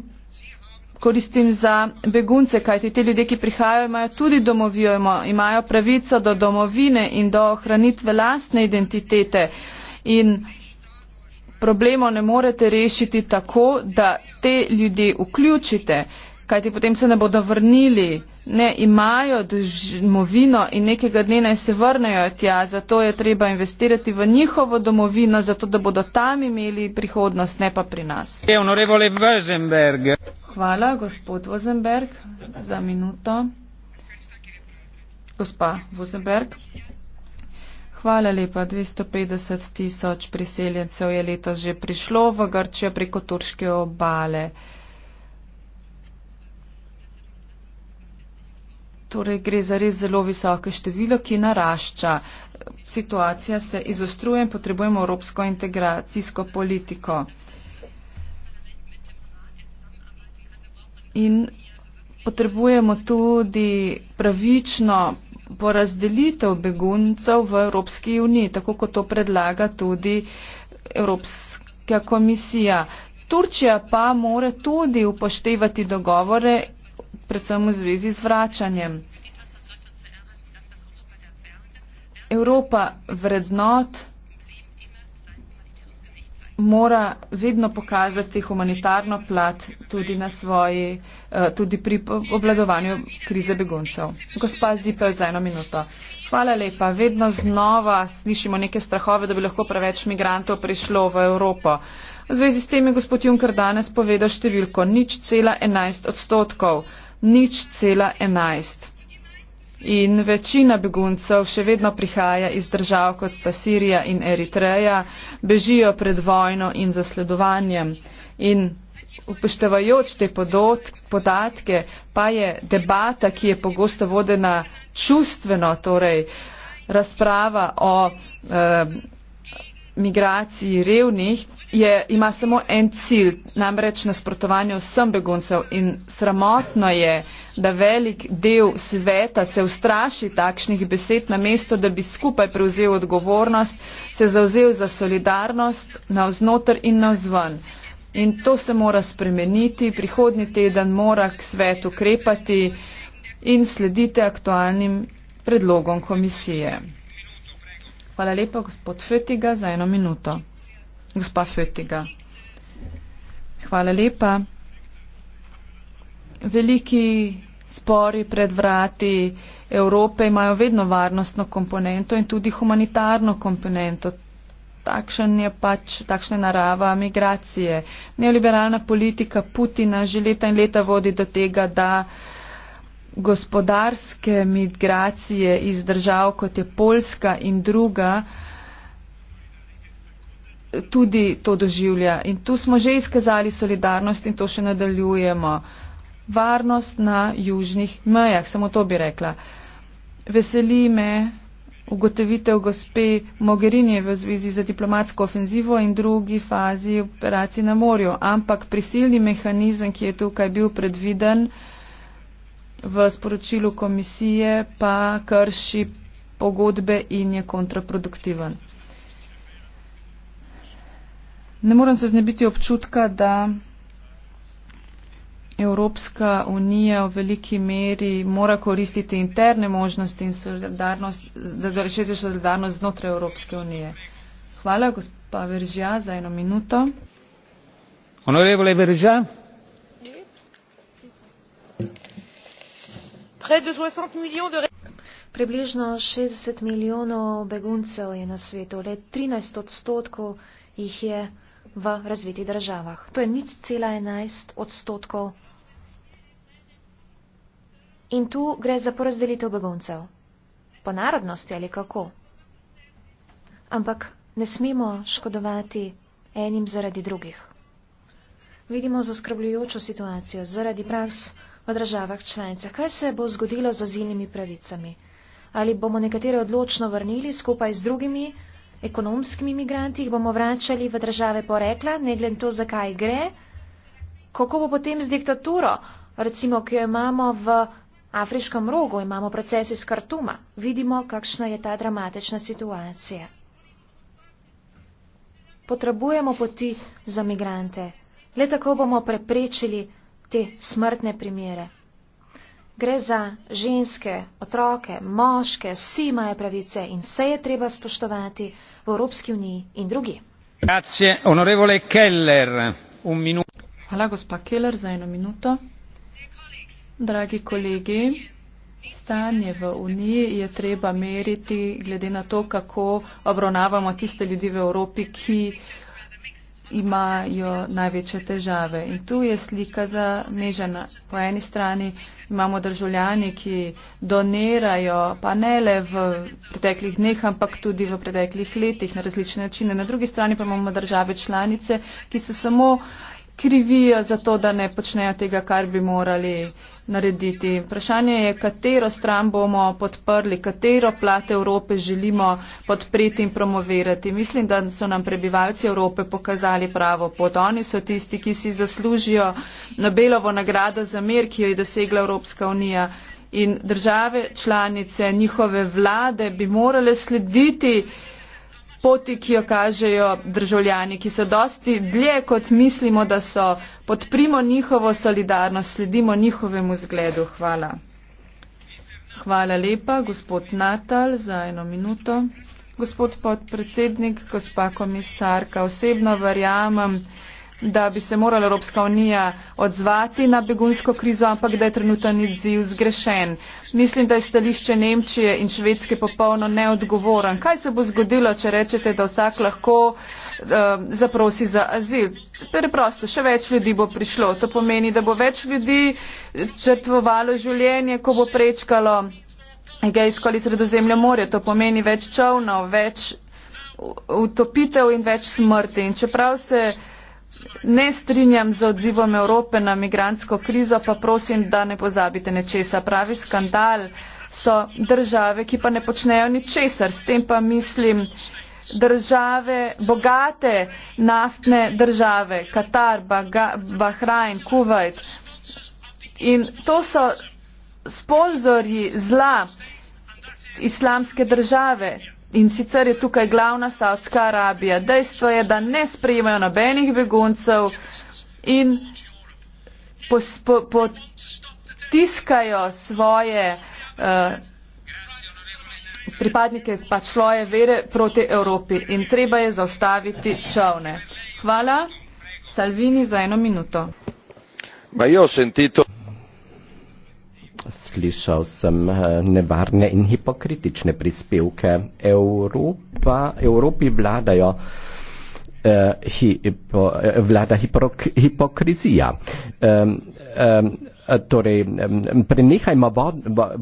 koristim za begunce, kajti te ljudje, ki prihajajo, imajo tudi domovijo, imajo pravico do domovine in do ohranitve lastne identitete. In problemo ne morete rešiti tako, da te ljudi vključite kajti potem se ne bodo vrnili, ne imajo domovino in nekega dne naj se vrnejo tja, zato je treba investirati v njihovo domovino, zato da bodo tam imeli prihodnost, ne pa pri nas. Hvala, gospod Vozenberg, za minuto. Gospa Vozenberg. Hvala lepa, 250 tisoč priseljencev je letos že prišlo v Grčijo preko turške obale. torej gre za res zelo visoke število, ki narašča. Situacija se izostruje in potrebujemo evropsko integracijsko politiko. In potrebujemo tudi pravično porazdelitev beguncev v Evropski uniji, tako kot to predlaga tudi Evropska komisija. Turčija pa more tudi upoštevati dogovore predvsem v zvezi z vračanjem. Evropa vrednot mora vedno pokazati humanitarno plat tudi, svoji, eh, tudi pri obladovanju krize beguncev. Gospa Zipel, za eno minuto. Hvala lepa. Vedno znova slišimo neke strahove, da bi lahko preveč migrantov prišlo v Evropo. V zvezi s tem je gospod Juncker danes povedal številko nič cela enajst odstotkov nič cela enajst. In večina beguncev še vedno prihaja iz držav, kot sta Sirija in Eritreja, bežijo pred vojno in zasledovanjem. In upoštevajoč te podatke, pa je debata, ki je pogosto vodena čustveno, torej razprava o eh, migraciji revnih, je, ima samo en cilj, namreč nasprotovanje vsem beguncev in sramotno je, da velik del sveta se ustraši takšnih besed, namesto da bi skupaj prevzel odgovornost, se zauzel za solidarnost navznoter in navzven. In to se mora spremeniti, prihodni teden mora k svetu krepati in sledite aktualnim predlogom komisije. Hvala lepa, gospod Fetiga, za eno minuto gospa Fötiga. Hvala lepa. Veliki spori pred vrati Evrope imajo vedno varnostno komponento in tudi humanitarno komponento. Takšen je pač, takšna je narava migracije. Neoliberalna politika Putina že leta in leta vodi do tega, da gospodarske migracije iz držav, kot je Poljska in druga, tudi to doživlja. In tu smo že izkazali solidarnost in to še nadaljujemo. Varnost na južnih mejah, samo to bi rekla. Veseli me ugotovitev gospe Mogherini v zvezi za diplomatsko ofenzivo in drugi fazi operacij na morju, ampak prisilni mehanizem, ki je tukaj bil predviden v sporočilu komisije, pa krši pogodbe in je kontraproduktiven ne morem se znebiti občutka, da Evropska unija v veliki meri mora koristiti interne možnosti in solidarnost, da rešite solidarnost znotraj Evropske unije. Hvala, gospa Veržja, za eno minuto. Honorevole Veržja. Približno 60 milijonov beguncev je na svetu, le 13 odstotkov jih je v razvitih državah. To je nič cela enajst odstotkov. In tu gre za porazdelitev begoncev. Po narodnosti ali kako. Ampak ne smemo škodovati enim zaradi drugih. Vidimo zaskrbljujočo situacijo zaradi pras v državah članicah. Kaj se bo zgodilo z azilnimi pravicami? Ali bomo nekatere odločno vrnili skupaj z drugimi? ekonomskimi imigranti, jih bomo vračali v države porekla, ne glede na to, zakaj gre. Kako bo potem z diktaturo, recimo, ki jo imamo v Afriškem rogu, imamo proces iz Kartuma, vidimo, kakšna je ta dramatična situacija. Potrebujemo poti za imigrante. Le tako bomo preprečili te smrtne primere. Gre za ženske, otroke, moške, vsi imajo pravice in vse je treba spoštovati v Evropski uniji in drugi. Hvala, gospa Keller, za eno minuto. Dragi kolegi, stanje v Uniji je treba meriti glede na to, kako obravnavamo tiste ljudi v Evropi, ki imajo največje težave. In tu je slika zamežena. Po eni strani imamo državljani, ki donirajo, pa ne le v preteklih dneh, ampak tudi v preteklih letih na različne načine. Na drugi strani pa imamo države članice, ki so samo krivijo za to, da ne počnejo tega, kar bi morali narediti. Vprašanje je, katero stran bomo podprli, katero plate Evrope želimo podpreti in promovirati. Mislim, da so nam prebivalci Evrope pokazali pravo pot. Oni so tisti, ki si zaslužijo Nobelovo nagrado za mir, ki jo je dosegla Evropska unija. In države članice, njihove vlade bi morale slediti poti, ki jo kažejo državljani, ki so dosti dlje, kot mislimo, da so. Podprimo njihovo solidarnost, sledimo njihovemu zgledu. Hvala. Hvala lepa, gospod Natal, za eno minuto. Gospod podpredsednik, gospa komisarka, osebno verjamem, da bi se morala Evropska unija odzvati na begunsko krizo, ampak da je trenutni odziv zgrešen. Mislim, da je stališče Nemčije in Švedske popolno neodgovoren. Kaj se bo zgodilo, če rečete, da vsak lahko um, zaprosi za azil? Preprosto, še več ljudi bo prišlo. To pomeni, da bo več ljudi črtvovalo življenje, ko bo prečkalo Egejsko ali Sredozemlje morje. To pomeni več čovnov, več utopitev in več smrti. In čeprav se ne strinjam z odzivom Evrope na migransko krizo, pa prosim, da ne pozabite nečesa. Pravi skandal so države, ki pa ne počnejo ničesar. S tem pa mislim države, bogate naftne države, Katar, Bahrajn, Kuwait. In to so sponzorji zla islamske države, In sicer je tukaj glavna Saudska Arabija. Dejstvo je, da ne sprejemajo nobenih beguncev in potiskajo po, po svoje uh, pripadnike pa človeje vere proti Evropi. In treba je zaustaviti čovne. Hvala. Salvini za eno minuto. Ma io ho sentito slišal sem eh, nevarne in hipokritične prispevke. Evropa, Evropi vladajo eh, hipo, eh, vlada hiprok, hipokrizija. Eh, eh, Torej, prenehajmo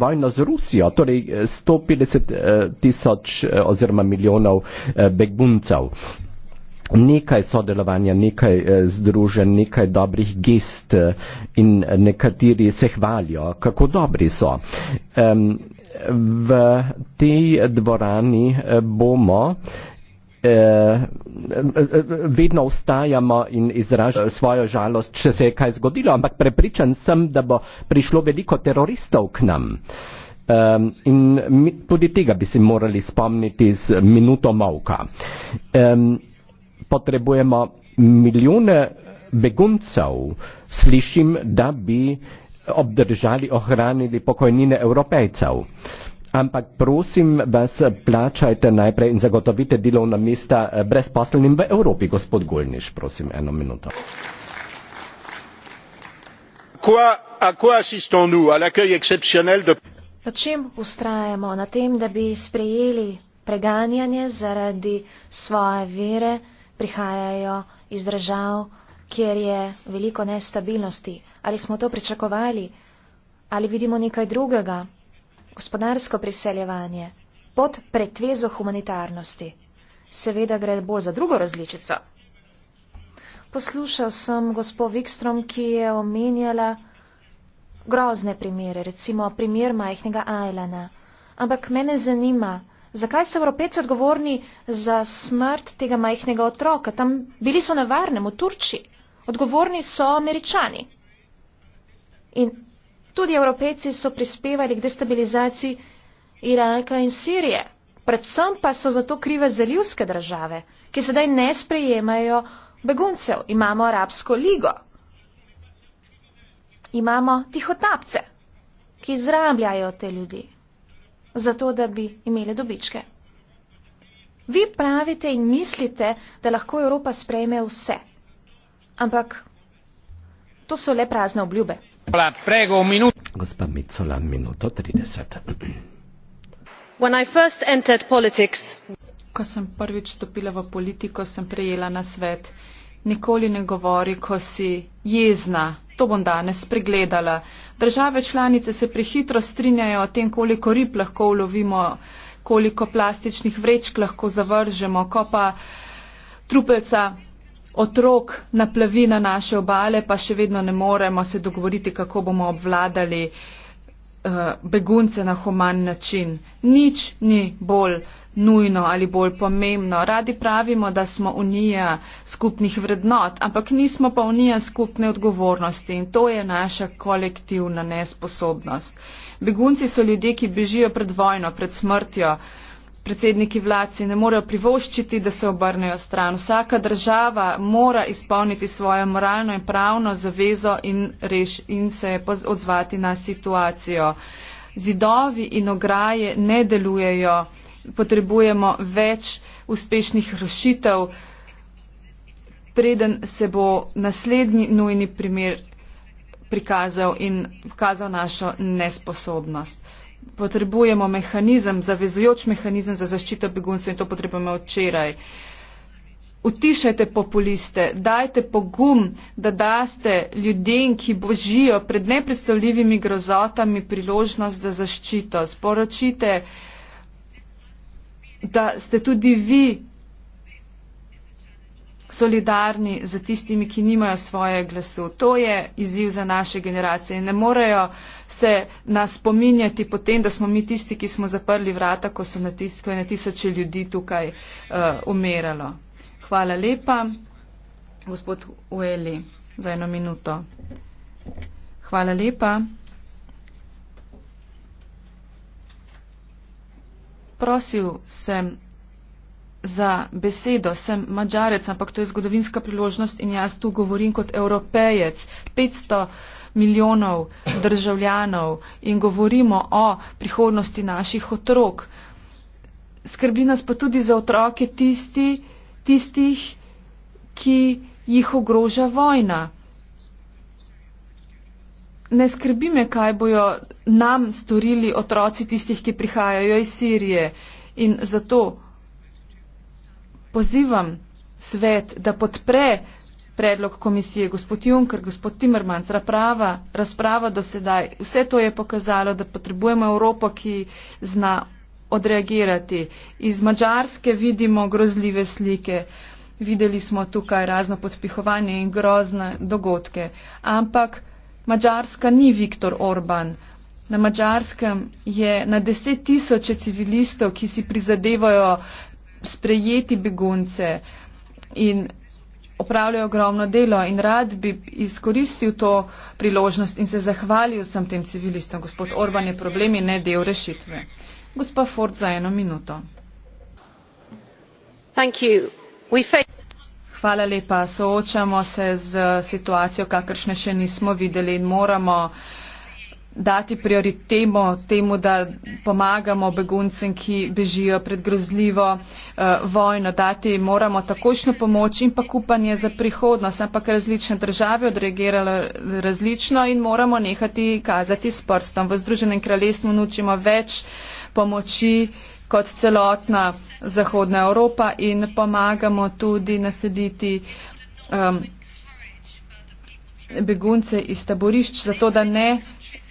vojno z Rusijo, torej 150 eh, tisoč oziroma milijonov beguncev nekaj sodelovanja, nekaj eh, združen, nekaj dobrih gest eh, in nekateri se hvalijo, kako dobri so. V tej dvorani eh, bomo vedno ustajamo in izražamo svojo žalost, če se je kaj zgodilo, ampak prepričan sem, da bo prišlo veliko teroristov k nam. Um, in mi, tudi tega bi si morali spomniti z minuto mavka. Um, potrebujemo milijone beguncev, slišim, da bi obdržali, ohranili pokojnine evropejcev. Ampak prosim vas, plačajte najprej in zagotovite delovna mesta eh, brezposlenim v Evropi, gospod Gulniš, prosim, eno minuto. Na čem ustrajamo? Na tem, da bi sprejeli preganjanje zaradi svoje vere prihajajo iz držav, kjer je veliko nestabilnosti. Ali smo to pričakovali? Ali vidimo nekaj drugega? Gospodarsko priseljevanje pod pretvezo humanitarnosti. Seveda gre bolj za drugo različico. Poslušal sem gospod Vikstrom, ki je omenjala grozne primere, recimo primer majhnega Ajlana. Ampak mene zanima, zakaj so evropejci odgovorni za smrt tega majhnega otroka? Tam bili so na varnem, v Turčiji. Odgovorni so američani. In tudi evropejci so prispevali k destabilizaciji Iraka in Sirije. Predvsem pa so zato krive zalivske države, ki sedaj ne sprejemajo beguncev. Imamo Arabsko ligo. Imamo tihotapce, ki izrabljajo te ljudi zato da bi imele dobičke. Vi pravite in mislite, da lahko Evropa sprejme vse. Ampak to so le prazne obljube. Hvala, prego, minuto. Gospa Micola, minuto 30. When I first entered politics... Ko sem prvič stopila v politiko, sem prejela na svet. Nikoli ne govori, ko si jezna, To bom danes pregledala. Države članice se prehitro strinjajo o tem, koliko rib lahko ulovimo, koliko plastičnih vrečk lahko zavržemo, ko pa trupelca otrok naplavi na naše obale, pa še vedno ne moremo se dogovoriti, kako bomo obvladali uh, begunce na human način. Nič ni bolj nujno ali bolj pomembno. Radi pravimo, da smo unija skupnih vrednot, ampak nismo pa unija skupne odgovornosti in to je naša kolektivna nesposobnost. Begunci so ljudje, ki bežijo pred vojno, pred smrtjo. Predsedniki vladci ne morejo privoščiti, da se obrnejo stran. Vsaka država mora izpolniti svojo moralno in pravno zavezo in, reš, in se odzvati na situacijo. Zidovi in ograje ne delujejo potrebujemo več uspešnih rešitev, preden se bo naslednji nujni primer prikazal in pokazal našo nesposobnost. Potrebujemo mehanizem, zavezujoč mehanizem za zaščito beguncev in to potrebujemo včeraj. Utišajte populiste, dajte pogum, da daste ljudem, ki božijo pred nepredstavljivimi grozotami, priložnost za zaščito. Sporočite, da da ste tudi vi solidarni z tistimi, ki nimajo svoje glasu. To je izziv za naše generacije. Ne morejo se nas pominjati potem, da smo mi tisti, ki smo zaprli vrata, ko, so na tis, ko je na tisoče ljudi tukaj uh, umiralo. Hvala lepa. Gospod Ueli, za eno minuto. Hvala lepa. prosil sem za besedo, sem mačarec, ampak to je zgodovinska priložnost in jaz tu govorim kot evropejec. 500 milijonov državljanov in govorimo o prihodnosti naših otrok. Skrbi nas pa tudi za otroke tisti, tistih, ki jih ogroža vojna ne skrbi me, kaj bojo nam storili otroci tistih, ki prihajajo iz Sirije. In zato pozivam svet, da podpre predlog komisije, gospod Juncker, gospod Timmermans, razprava, razprava do sedaj. Vse to je pokazalo, da potrebujemo Evropo, ki zna odreagirati. Iz Mačarske vidimo grozljive slike. Videli smo tukaj razno podpihovanje in grozne dogodke. Ampak Mačarska ni Viktor Orban. Na Mačarskem je na deset tisoče civilistov, ki si prizadevajo sprejeti begunce in opravljajo ogromno delo in rad bi izkoristil to priložnost in se zahvalil sem tem civilistom. Gospod Orban je problem in ne del rešitve. Gospa Ford za eno minuto. Thank you. We face Hvala lepa. Soočamo se z situacijo, kakršne še nismo videli in moramo dati prioritemo temu, da pomagamo beguncem, ki bežijo pred grozljivo eh, vojno. Dati moramo takočno pomoč in pa kupanje za prihodnost, ampak različne države odreagirale različno in moramo nehati kazati s prstom. V Združenem kraljestvu nučimo več pomoči kot celotna Zahodna Evropa in pomagamo tudi nasediti um, begunce iz taborišč, zato da ne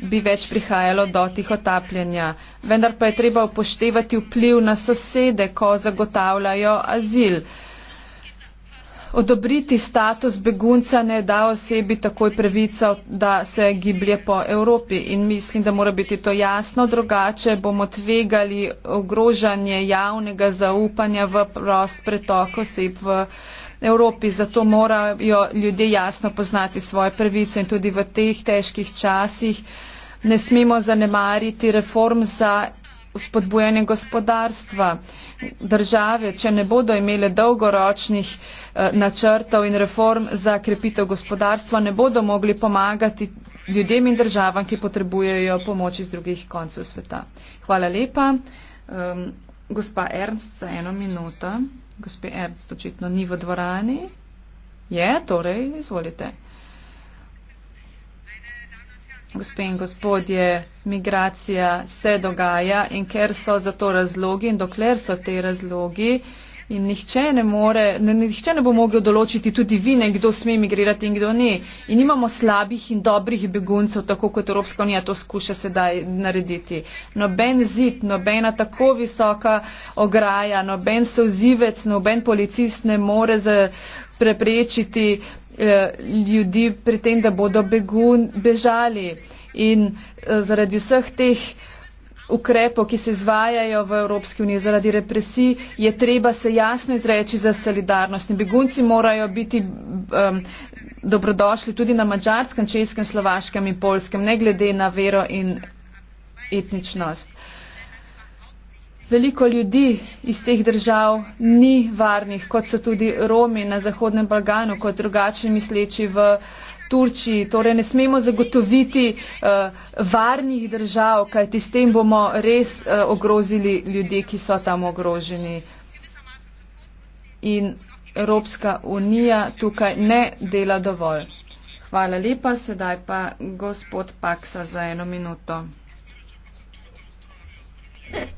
bi več prihajalo do tih otapljanja. Vendar pa je treba upoštevati vpliv na sosede, ko zagotavljajo azil. Uh, odobriti status begunca ne da osebi takoj pravico, da se giblje po Evropi. In mislim, da mora biti to jasno, drugače bomo tvegali ogrožanje javnega zaupanja v prost pretok oseb v Evropi. Zato morajo ljudje jasno poznati svoje pravice in tudi v teh težkih časih ne smemo zanemariti reform za spodbujanje gospodarstva države, če ne bodo imele dolgoročnih eh, načrtov in reform za krepitev gospodarstva, ne bodo mogli pomagati ljudem in državam, ki potrebujejo pomoč iz drugih koncev sveta. Hvala lepa. Um, gospa Ernst, za eno minuto. Gospe Ernst očitno ni v dvorani. Je, torej, izvolite. Gospe in gospodje, migracija se dogaja in ker so za to razlogi in dokler so te razlogi in nihče ne, more, ne, nihče ne bo mogel določiti tudi vine, kdo sme migrirati in kdo ne. In imamo slabih in dobrih beguncev, tako kot Evropska unija to skuša sedaj narediti. Noben zid, nobena tako visoka ograja, noben sozivec, noben policist ne more preprečiti Eh, ljudi pri tem, da bodo begun, bežali in uh, zaradi vseh teh ukrepov, ki se izvajajo v Evropski uniji zaradi represij, je treba se jasno izreči za solidarnost. In begunci morajo biti um, dobrodošli tudi na mačarskem, českem, slovaškem in polskem, ne glede na vero in etničnost veliko ljudi iz teh držav ni varnih, kot so tudi Romi na Zahodnem Balganu, kot drugačni misleči v Turčiji. Torej ne smemo zagotoviti uh, varnih držav, kajti s tem bomo res uh, ogrozili ljudi, ki so tam ogroženi. In Evropska unija tukaj ne dela dovolj. Hvala lepa, sedaj pa gospod Paksa za eno minuto. Yeah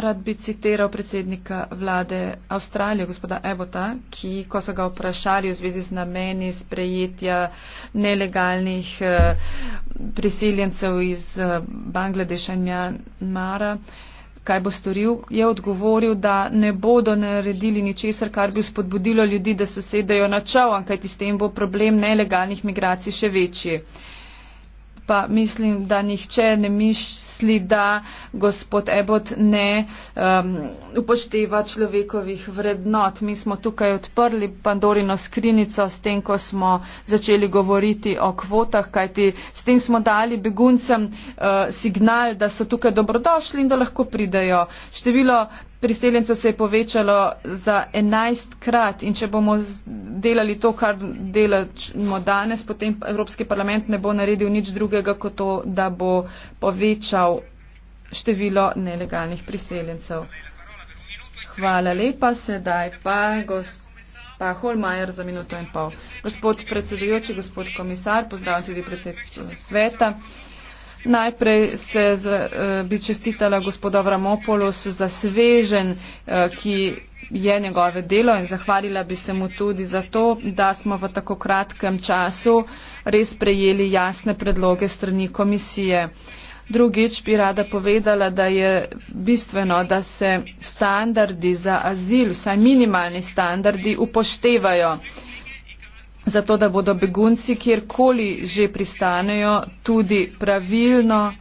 rad bi citiral predsednika vlade Avstralije, gospoda Ebota, ki, ko so ga vprašali v zvezi z nameni sprejetja nelegalnih eh, prisiljencev iz eh, Bangladeša in Mjanmara, kaj bo storil, je odgovoril, da ne bodo naredili ničesar, kar bi spodbudilo ljudi, da se sedajo na čovan, kajti s tem bo problem nelegalnih migracij še večji. Pa mislim, da nihče ne misli misli, da gospod Ebot ne um, upošteva človekovih vrednot. Mi smo tukaj odprli Pandorino skrinico s tem, ko smo začeli govoriti o kvotah, kajti s tem smo dali beguncem uh, signal, da so tukaj dobrodošli in da lahko pridejo. Število priseljencev se je povečalo za 11 krat in če bomo delali to, kar delamo danes, potem Evropski parlament ne bo naredil nič drugega, kot to, da bo povečal število nelegalnih priseljencev. Hvala lepa, sedaj pa gospa Holmajer za minuto in pol. Gospod predsedujoči, gospod komisar, pozdravljam tudi predsednika sveta. Uh, Najprej se z, uh, eh, bi čestitala gospoda Vramopolos za svežen, uh, ki je njegove delo in zahvalila bi se mu tudi za to, da smo v tako kratkem času res prejeli jasne predloge strani komisije. Drugič bi rada povedala, da je bistveno, da se standardi za azil, vsaj minimalni standardi, upoštevajo. Uh, zato da bodo begunci, kjerkoli že pristanejo, tudi pravilno,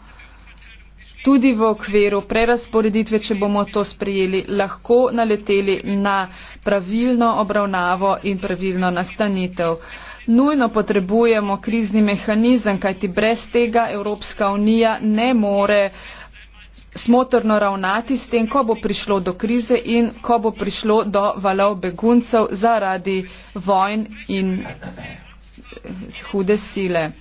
tudi v okviru prerasporeditve, če bomo to sprejeli, lahko naleteli na pravilno obravnavo in pravilno nastanitev. Nujno potrebujemo krizni mehanizem, kajti brez tega Evropska unija ne more uh, smotrno ravnati s tem, ko bo prišlo do krize in ko bo prišlo do valov beguncev zaradi vojn in hude sile.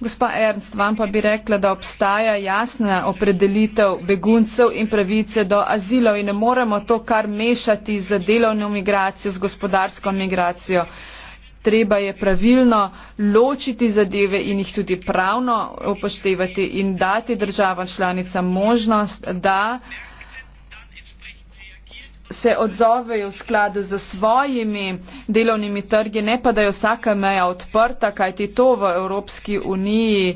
Gospa Ernst, vam pa bi rekla, da obstaja jasna opredelitev beguncev in pravice do azilov in ne moremo to kar mešati z delovno migracijo, z gospodarsko migracijo treba je pravilno ločiti zadeve in jih tudi pravno upoštevati in dati državam članica možnost, da se odzovejo v skladu z svojimi delovnimi trgi, ne pa da je vsaka meja odprta, kajti to v Evropski uniji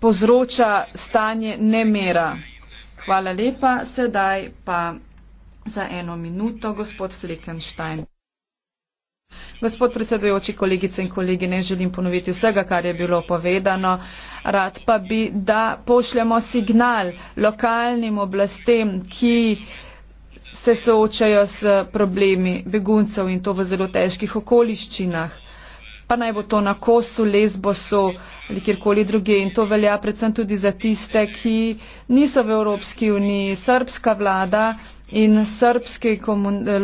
povzroča stanje nemera. Hvala lepa, sedaj pa za eno minuto gospod Fleckenstein. Gospod predsedujoči, kolegice in kolegi, ne želim ponoviti vsega, kar je bilo povedano. Rad pa bi, da pošljemo signal lokalnim oblastem, ki se soočajo s problemi beguncev in to v zelo težkih okoliščinah. Pa naj bo to na kosu, lesbosu ali kjerkoli druge. In to velja predvsem tudi za tiste, ki niso v Evropski uniji. Srpska vlada in srpske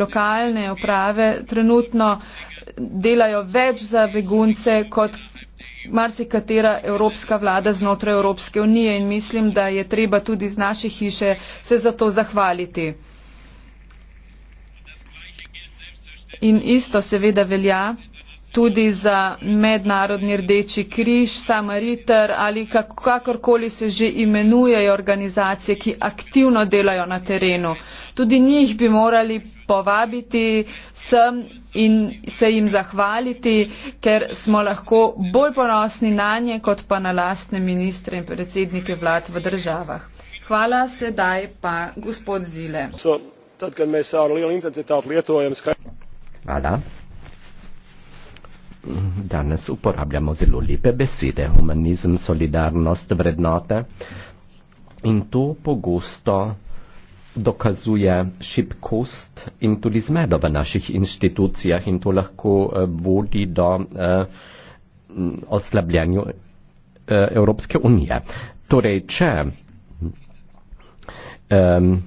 lokalne uprave trenutno delajo več za begunce kot marsikatera evropska vlada znotraj Evropske unije in mislim, da je treba tudi z naše hiše se za to zahvaliti. In isto seveda velja tudi za mednarodni rdeči križ, Samariter ali kakorkoli se že imenujejo organizacije, ki aktivno delajo na terenu. Tudi njih bi morali povabiti sem in se jim zahvaliti, ker smo lahko bolj ponosni na nje, kot pa na lastne ministre in predsednike vlad v državah. Hvala sedaj pa gospod Zile. So, tad, Hvala danes uporabljamo zelo lepe besede, humanizem, solidarnost, vrednote. In to pogosto dokazuje šibkost in tudi zmedo v naših inštitucijah in to lahko eh, vodi do eh, oslabljanja eh, Evropske unije. Torej, če Um,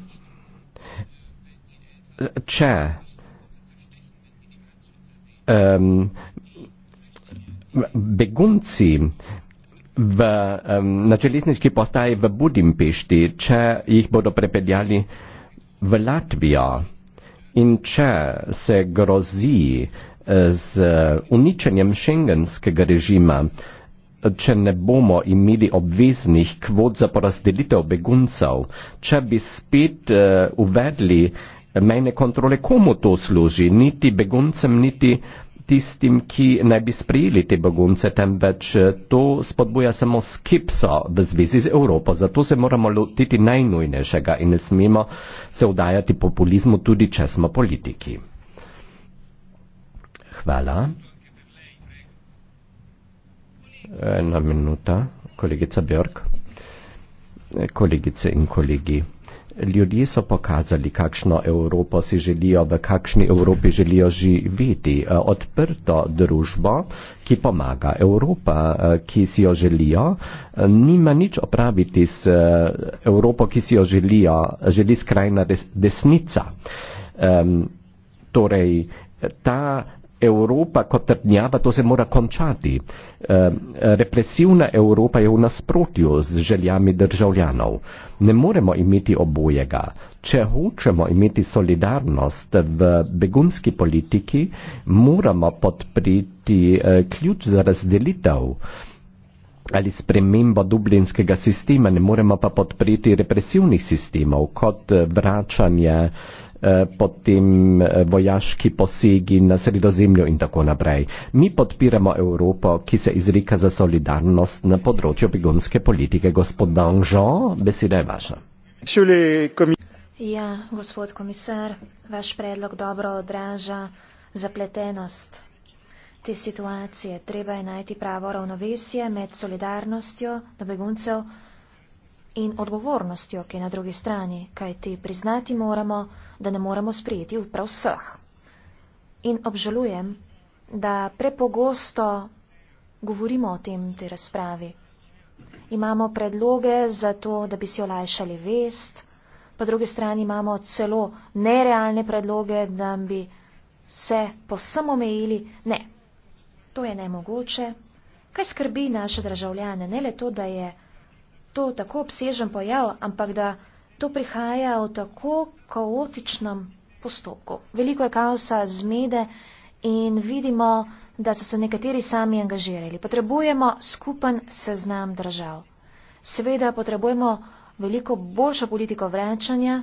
če um, begunci v, um, na železniški postaji v Budimpešti, če jih bodo prepeljali v Latvijo in če se grozi eh, z uničenjem šengenskega režima, če ne bomo imeli obveznih kvot za porazdelitev beguncev, če bi spet uh, uvedli mejne kontrole, komu to služi, niti beguncem, niti tistim, ki ne bi sprejeli te begunce, temveč eh, to spodbuja samo skepso v zvezi z Evropo. Zato se moramo lotiti najnujnejšega in ne smemo se vdajati populizmu, tudi če smo politiki. Hvala. Ena minuta, kolegica Björk, kolegice in kolegi ljudje so pokazali, kakšno Evropo si želijo, v kakšni Evropi želijo živeti. E, odprto družbo, ki pomaga. Evropa, e, ki si jo želijo, e, nima nič opraviti s Evropo, ki si jo želijo, želi skrajna desnica. Torej, ta Evropa kot trdnjava, to se mora končati. Ehm, represivna Evropa je v nasprotju z željami državljanov. Ne moremo imeti obojega. Če hočemo imeti solidarnost v begunski politiki, moramo podpriti eh, ključ za razdelitev ali spremembo dublinskega sistema, ne moremo pa podpriti represivnih sistemov kot eh, vračanje Eh, potem eh, vojaški posegi na sredozemlju in tako naprej. Mi podpiramo Evropo, ki se izrika za solidarnost na področju begunske politike. Gospod Danžon, beseda je vaša. Ja, gospod komisar, vaš predlog dobro odraža zapletenost te situacije. Treba je najti pravo ravnovesje med solidarnostjo do beguncev in odgovornostjo, ki je na drugi strani, kajti priznati moramo, da ne moremo sprijeti prav vseh. In obžalujem, da prepogosto govorimo o tem te razpravi. Imamo predloge za to, da bi si olajšali vest, po druge strani imamo celo nerealne predloge, da bi vse posem omejili. Ne, to je nemogoče. Kaj skrbi naše državljane? Ne le to, da je to tako obsežen pojav, ampak da. To prihaja v tako kaotičnem postopku. Veliko je kaosa, zmede in vidimo, da so se nekateri sami angažirali. Potrebujemo skupen seznam držav. Seveda potrebujemo veliko boljšo politiko vračanja,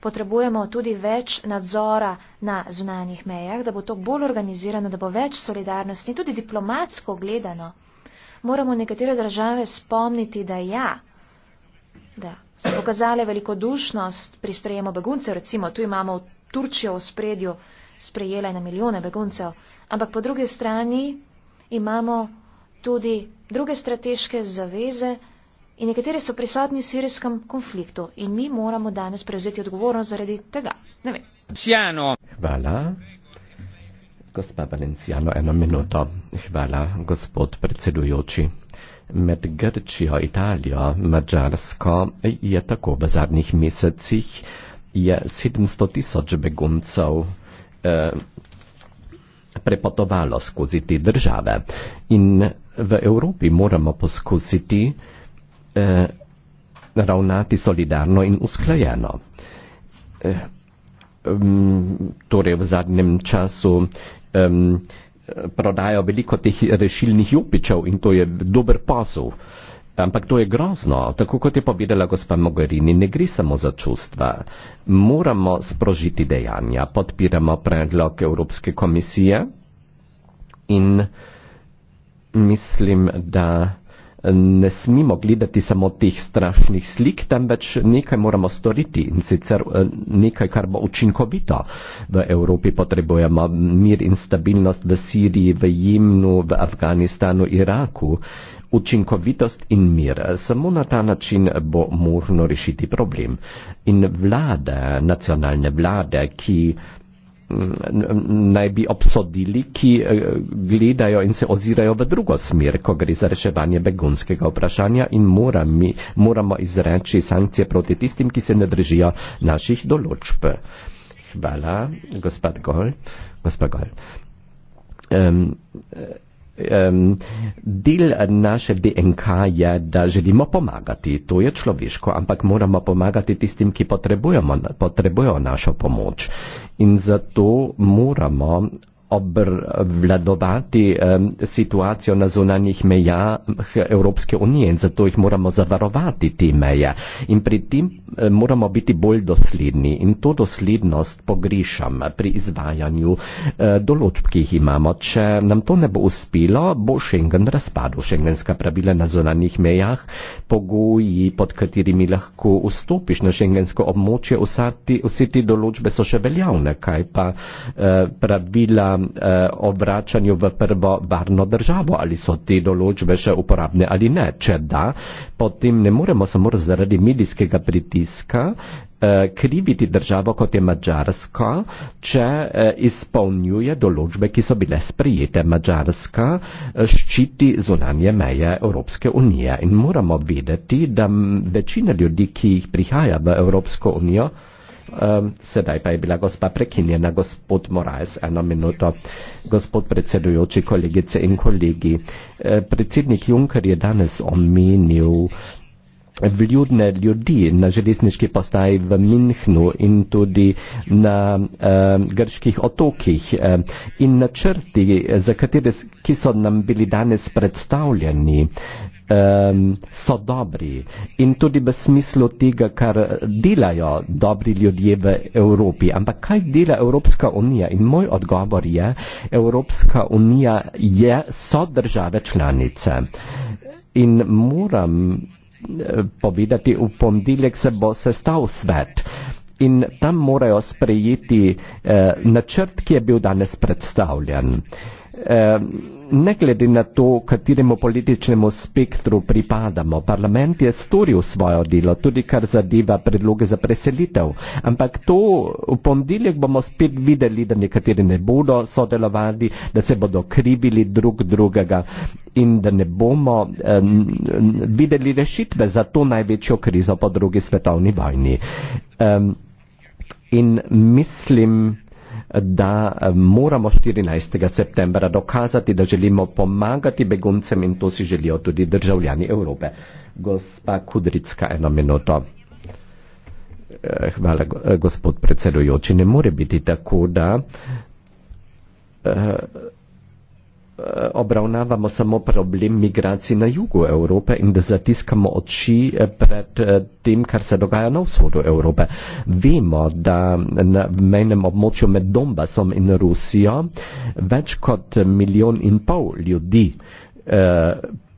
potrebujemo tudi več nadzora na zunanjih mejah, da bo to bolj organizirano, da bo več solidarnosti in tudi diplomatsko gledano. Moramo nekatere države spomniti, da ja, da. so pokazale velikodušnost pri sprejemu beguncev. Recimo, tu imamo Turčijo v spredju, sprejela je na milijone beguncev. Ampak po drugi strani imamo tudi druge strateške zaveze in nekatere so prisotni v sirijskem konfliktu in mi moramo danes prevzeti odgovornost zaradi tega. Ne vem. Ciano. Hvala. Gospa Valencijano, eno minuto. Hvala, gospod predsedujoči med Grčijo, Italijo, Mačarsko je tako v zadnjih mesecih je 700 tisoč beguncev eh, prepotovalo skozi te države. In v Evropi moramo poskusiti eh, ravnati solidarno in usklajeno. Eh, torej v zadnjem času eh, prodajo veliko teh rešilnih jupičev in to je dober posel. Ampak to je grozno, tako kot je povedala gospa Mogherini, ne gre samo za čustva. Moramo sprožiti dejanja, podpiramo predlog Evropske komisije in mislim, da ne smemo gledati samo teh strašnih slik, temveč nekaj moramo storiti in sicer eh, nekaj, kar bo učinkovito. V Evropi potrebujemo mir in stabilnost v Siriji, v Jemnu, v Afganistanu, Iraku. Učinkovitost in mir. Samo na ta način bo možno rešiti problem. In vlade, nacionalne vlade, ki naj bi obsodili, ki eh, gledajo in se ozirajo v drugo smer, ko gre za reševanje begunskega vprašanja in morami, moramo izreči sankcije proti tistim, ki se ne držijo naših določb. Hvala, gospod Gol. Gospod Gol. Um, um, del naše DNK je, da želimo pomagati. To je človeško, ampak moramo pomagati tistim, ki potrebujemo, potrebujo našo pomoč. In zato moramo obvladovati um, situacijo na zunanjih mejah Evropske unije in zato jih moramo zavarovati te meje. In pri tem um, moramo biti bolj dosledni in to doslednost pogrišam pri izvajanju uh, določb, ki jih imamo. Če nam to ne bo uspelo, bo Schengen razpadl. Schengenska pravila na zunanjih mejah, pogoji, pod katerimi lahko vstopiš na šengensko območje, vse te določbe so še veljavne, kaj pa uh, pravila, Um, eh, obračanju v prvo varno državo, ali so te določbe še uporabne ali ne. Če da, potem ne moremo samo zaradi medijskega pritiska eh, kriviti državo, kot je Mačarska, če eh, izpolnjuje določbe, ki so bile sprejete. Mačarska eh, ščiti zunanje meje Evropske unije in moramo vedeti, da večina ljudi, ki jih prihaja v Evropsko unijo, Um, sedaj pa je bila gospa prekinjena, gospod Moraes, eno minuto. Gospod predsedujoči, kolegice in kolegi, eh, predsednik Juncker je danes omenil vljudne ljudi na železniški postaji v Minhnu in tudi na uh, grških otokih uh, in načrti, za katere, ki so nam bili danes predstavljeni, uh, um, so dobri in tudi v smislu tega, kar delajo dobri ljudje v Evropi. Ampak kaj dela Evropska unija? In moj odgovor je, Evropska unija je, so države članice. In moram eh, povedati, v ponedeljek se bo sestal svet. In tam morajo sprejeti eh, načrt, ki je bil danes predstavljen. Eh, Ehm, ne glede na to, kateremu političnemu spektru pripadamo, parlament je storil svojo delo, tudi kar zadeva predloge za preselitev. Ampak to v pondeljek bomo spet videli, da nekateri ne bodo sodelovali, da se bodo krivili drug drugega in da ne bomo eh, videli rešitve za to največjo krizo po drugi svetovni vojni. Eh, in mislim, da eh, moramo 14. septembra dokazati, da želimo pomagati beguncem in to si želijo tudi državljani Evrope. Gospa Kudricka, eno minuto. Eh, hvala, eh, gospod predsedujoči. Ne more biti tako, da Eh, obravnavamo samo problem migracij na jugu Evrope in da zatiskamo oči eh, pred eh, tem, kar se dogaja na vzhodu Evrope. Vemo, da na mejnem območju med Donbasom in Rusijo več kot milijon in pol ljudi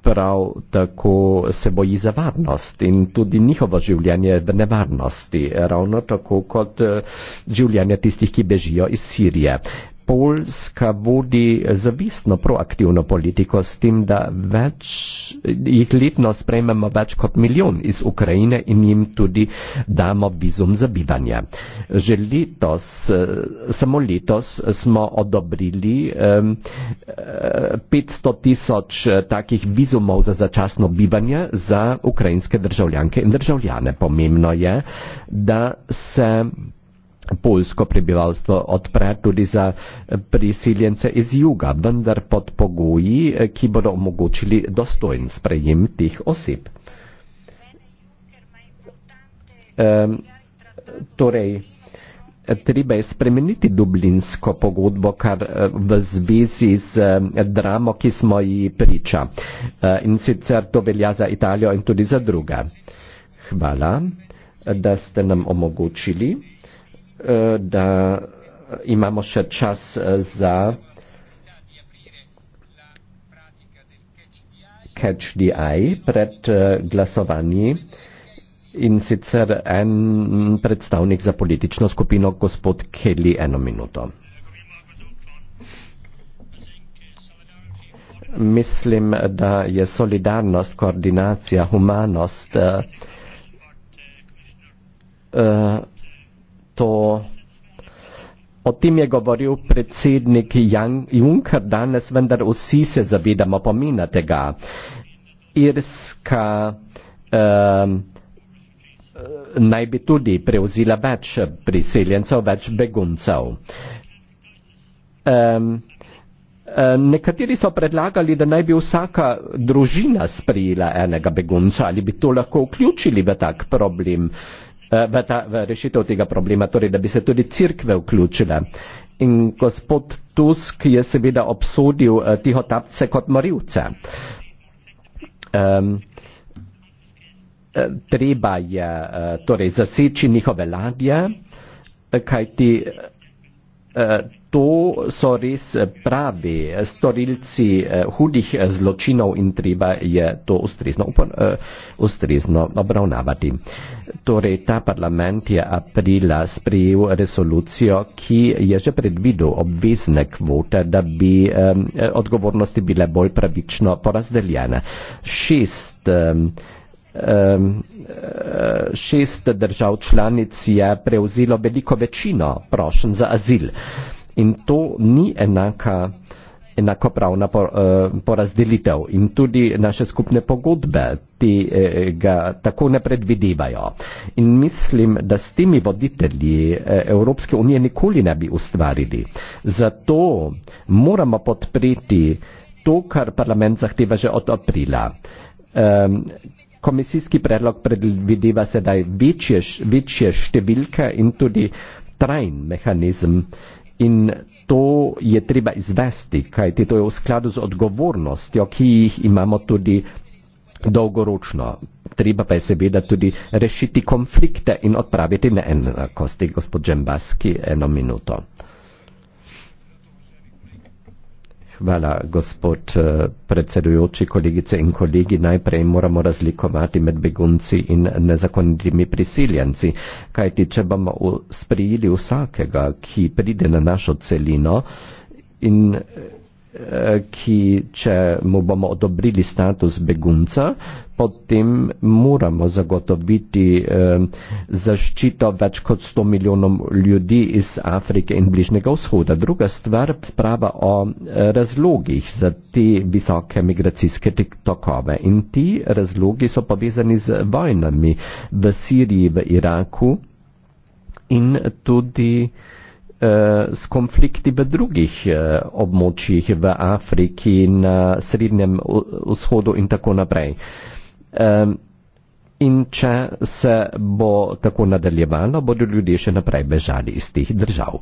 prav tako se boji za varnost in tudi njihovo življenje v nevarnosti, ravno tako kot življenje tistih, ki bežijo iz Sirije. Polska vodi zavisno proaktivno politiko s tem, da več, jih letno sprejmemo več kot milijon iz Ukrajine in jim tudi damo vizum za bivanje. Že letos, eh, samo letos smo odobrili 500 eh, tisoč eh, takih vizumov za začasno bivanje za ukrajinske državljanke in državljane. Pomembno je, da se poljsko prebivalstvo odpre tudi za eh, prisiljence iz juga, vendar pod pogoji, eh, ki bodo omogočili dostojen sprejem teh oseb. Um, torej, treba je spremeniti dublinsko pogodbo, kar eh, v zvezi z dramo, ki smo ji priča. In sicer to velja za Italijo in tudi za druge. Hvala, da ste nam omogočili. Eh, da imamo še čas eh, za catch the eye pred eh, glasovanji in sicer en predstavnik za politično skupino, gospod Kelly, eno minuto. Mislim, da je solidarnost, koordinacija, humanost uh, uh, to, o tem je govoril predsednik Juncker danes, vendar vsi se zavedamo pomena tega. Irska eh, naj bi tudi prevzela več priseljencev, več beguncev. Um, nekateri so predlagali, da naj bi vsaka družina sprijela enega begunca, ali bi to lahko vključili v tak problem. Uh, Eh, v, ta, v rešitev tega problema, torej da bi se tudi crkve vključile. In gospod Tusk je seveda obsodil eh, tiho tapce kot morilce. Um, treba je torej zaseči njihove ladje, kajti uh, to so res eh, pravi eh, storilci eh, hudih zločinov in treba je to ustrezno, upon, ustrezno obravnavati. Torej, ta parlament je aprila sprejel resolucijo, ki je že predvidel obvezne kvote, da bi um, odgovornosti bile bolj pravično porazdeljene. Šest, um, um, šest držav članic je prevzelo veliko večino prošen za azil. Um, in to ni enaka, enakopravna eh, porazdelitev por in tudi naše skupne pogodbe ti, eh, ga tako ne predvidevajo. In mislim, da s temi voditelji eh, Evropske unije nikoli ne bi ustvarili. Zato moramo podpreti to, kar parlament zahteva že od aprila. Um, komisijski predlog predvideva sedaj večje, večje številke in tudi trajen mehanizem. In to je treba izvesti, kajti to je v skladu z odgovornostjo, ki jih imamo tudi dolgoročno. Treba pa je seveda tudi rešiti konflikte in odpraviti neenakosti, gospod Džembaski, eno minuto. Hvala, gospod eh, predsedujoči, kolegice in kolegi. Najprej moramo razlikovati med begunci in nezakonitimi prisiljenci. Kajti, če bomo sprijeli vsakega, ki pride na našo celino in ki če mu bomo odobrili status begunca, potem moramo zagotoviti eh, zaščito več kot 100 milijonom ljudi iz Afrike in Bližnjega vzhoda. Druga stvar, sprava o eh, razlogih za te visoke migracijske tokove. In ti razlogi so povezani z vojnami v Siriji, v Iraku in tudi Eh, s konflikti v drugih eh, območjih v Afriki, na Srednjem vzhodu in tako naprej. In če se bo tako nadaljevalo, bodo ljudje še naprej bežali iz teh držav.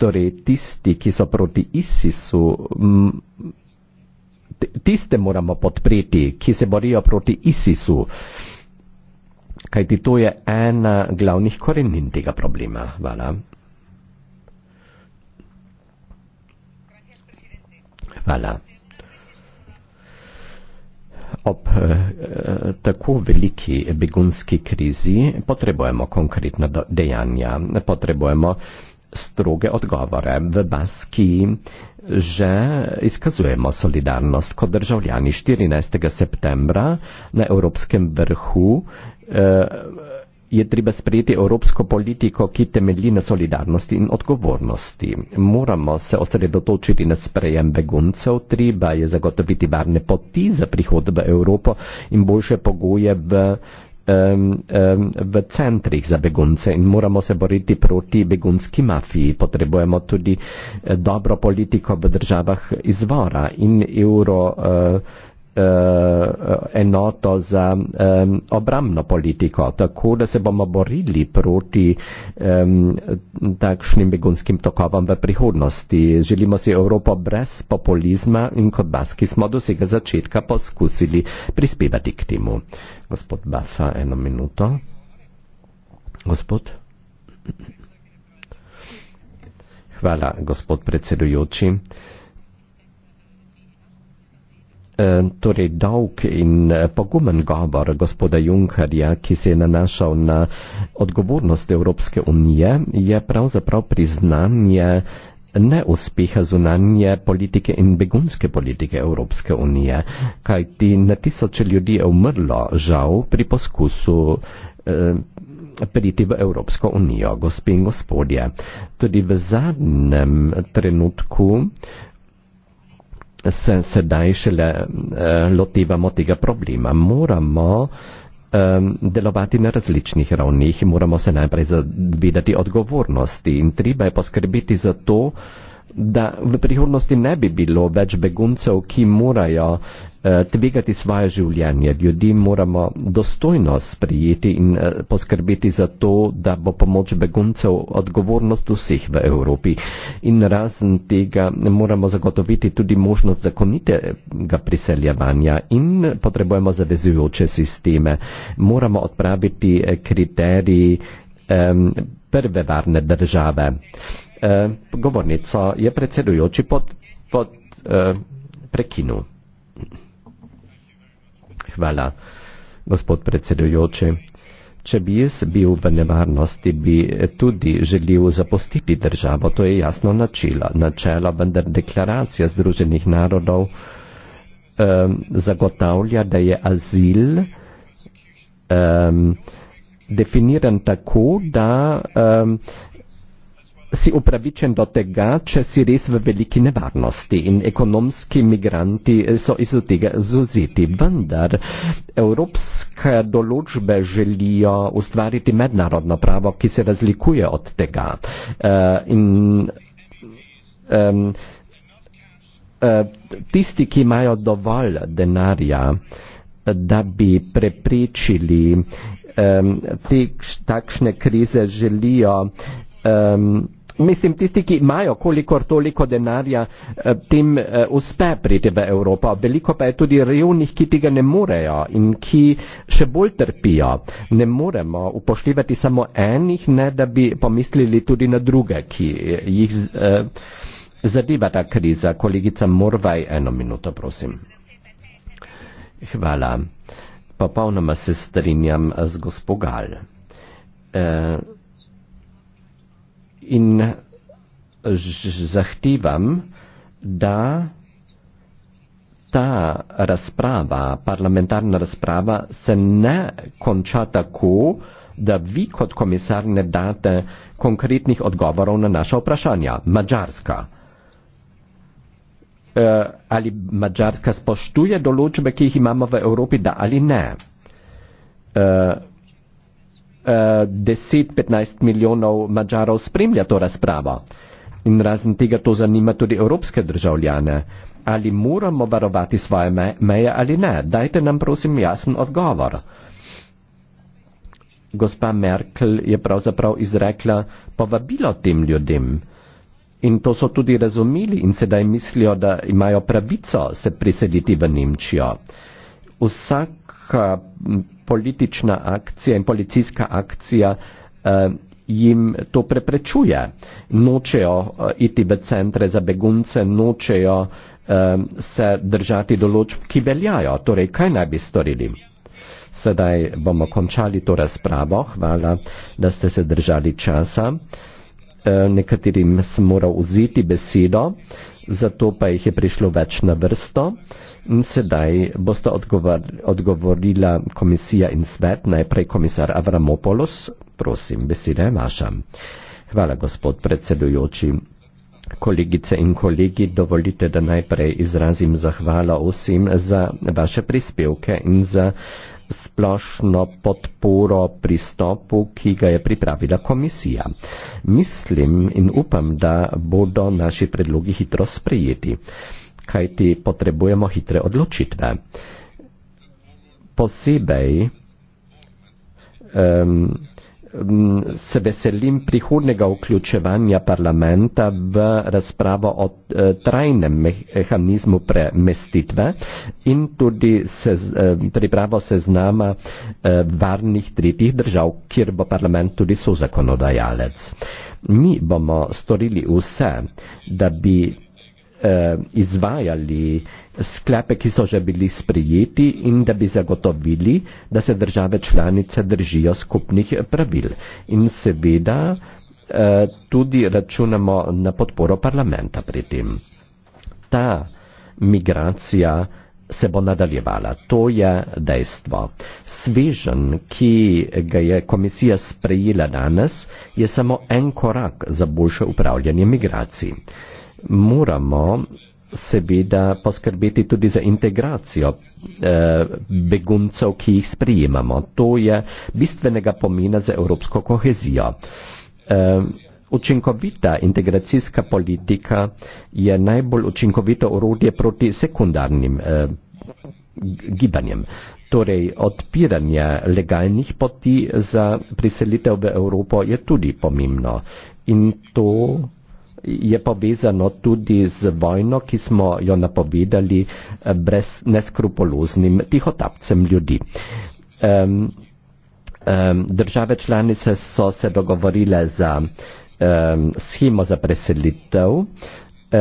Torej, tisti, ki so proti ISIS-u, tiste moramo podpreti, ki se borijo proti ISIS-u, kajti to je ena glavnih korenin tega problema. Hvala. Voilà. Allah. Ob e, tako veliki begunski krizi potrebujemo konkretna dejanja, potrebujemo stroge odgovore v Baski, že izkazujemo solidarnost kot državljani 14. septembra na Evropskem vrhu. E, je treba sprejeti evropsko politiko, ki temelji na solidarnosti in odgovornosti. Moramo se osredotočiti na sprejem beguncev, treba je zagotoviti varne poti za prihod v Evropo in boljše pogoje v, um, um, v centrih za begunce in moramo se boriti proti begunski mafiji. Potrebujemo tudi eh, dobro politiko v državah izvora in euro. Uh, eh, Eh, enoto za eh, obramno politiko, tako da se bomo borili proti takšnim begunskim tokovom v prihodnosti. Želimo si Evropo brez populizma in kot baski smo do vsega začetka poskusili prispevati k temu. Gospod Bafa, eno minuto. Gospod. Hvala, gospod predsedujoči. Eh, torej dolg in eh, pogumen govor gospoda Junkarja, ki se je nanašal na odgovornost Evropske unije, je pravzaprav priznanje neuspeha zunanje politike in begunske politike Evropske unije, kajti na tisoče ljudi je umrlo žal pri poskusu eh, priti v Evropsko unijo, gospe in gospodje. Tudi v zadnjem trenutku se sedaj šele eh, lotivamo tega problema. Moramo eh, delovati na različnih ravnih, moramo se najprej zavedati odgovornosti in treba je poskrbiti za to, eh, da v prihodnosti ne bi bilo več beguncev, ki morajo eh, tvegati svoje življenje. Ljudi moramo dostojno sprijeti in eh, poskrbeti za to, da bo pomoč beguncev odgovornost vseh v Evropi. In razen tega moramo zagotoviti tudi možnost zakonitega priseljevanja in potrebujemo zavezujoče sisteme. Moramo odpraviti eh, kriterij eh, prve varne države. Eh, Eh, govornico je predsedujoči pod, pod eh, prekinu. Hvala, gospod predsedujoči. Če bi jaz bil v nevarnosti, bi eh, tudi želel zapustiti državo. To je jasno načelo. Načelo, vendar deklaracija Združenih narodov um, zagotavlja, da je azil um, definiran tako, da um, si upravičen do tega, če si res v veliki nevarnosti in ekonomski migranti eh, so iz tega zuziti. Vendar evropske določbe želijo ustvariti mednarodno pravo, ki se razlikuje od tega. Uh, in, um, Tisti, ki imajo dovolj denarja, da bi preprečili um, te, takšne krize, želijo um, mislim, tisti, ki imajo kolikor toliko denarja, eh, tim eh, uspe priti v Evropo. Veliko pa je tudi revnih, ki tega ne morejo in ki še bolj trpijo. Ne moremo upoštevati samo enih, ne da bi pomislili tudi na druge, ki eh, jih zadeva ta kriza. Kolegica Morvaj, eno minuto, prosim. Hvala. Popolnoma se strinjam z gospodal in zahtevam, da ta razprava, parlamentarna razprava, se ne konča tako, da vi kot komisar ne date konkretnih odgovorov na naša vprašanja. Mačarska. E, ali Mačarska spoštuje določbe, ki jih imamo v Evropi, da ali ne? E, 10-15 milijonov Mačarov spremlja to razpravo. In razen tega to zanima tudi evropske državljane. Ali moramo varovati svoje meje ali ne? Dajte nam prosim jasen odgovor. Gospa Merkel je pravzaprav izrekla povabilo tem ljudem. In to so tudi razumeli in sedaj mislijo, da imajo pravico se priseliti v Nemčijo. Vsak politična akcija in policijska akcija eh, jim to preprečuje. Nočejo eh, iti v centre za begunce, nočejo eh, se držati določb, ki veljajo. Torej, kaj naj bi storili? Sedaj bomo končali to razpravo. Hvala, da ste se držali časa. Nekaterim sem moral vzeti besedo zato pa jih je prišlo več na vrsto in sedaj bosta odgovor, odgovorila komisija in svet, najprej komisar Avramopoulos, prosim, beseda je vaša. Hvala, gospod predsedujoči. Kolegice in kolegi, dovolite, da najprej izrazim zahvalo vsem za vaše prispevke in za uh, splošno podporo pristopu, ki ga je pripravila komisija. Mislim in upam, da bodo naši predlogi hitro sprejeti, kajti potrebujemo hitre odločitve. Posebej um, se veselim prihodnega vključevanja parlamenta v razpravo o e, trajnem mehanizmu premestitve in tudi se, e, pripravo seznama e, varnih tretjih držav, kjer bo parlament tudi sozakonodajalec. Mi bomo storili vse, da bi eh, izvajali sklepe, ki so že bili sprejeti in da bi zagotovili, da se države članice držijo skupnih pravil. In seveda eh, tudi računamo na podporo parlamenta pri tem. Ta migracija se bo nadaljevala. To je dejstvo. Svežen, ki ga je komisija sprejela danes, je samo en korak za boljše upravljanje migracij. Uh, moramo seveda poskrbeti tudi za integracijo eh, beguncev, ki jih sprijemamo. To je bistvenega pomena za evropsko kohezijo. Eh, učinkovita integracijska politika je najbolj učinkovito orodje proti sekundarnim eh, gibanjem. Torej, odpiranje legalnih poti za priselitev v Evropo je tudi pomembno. In to je povezano tudi z vojno, ki smo jo napovedali eh, brez neskrupuloznim tihotapcem ljudi. Um, um, države članice so se dogovorile za um, schemo za preselitev. Um,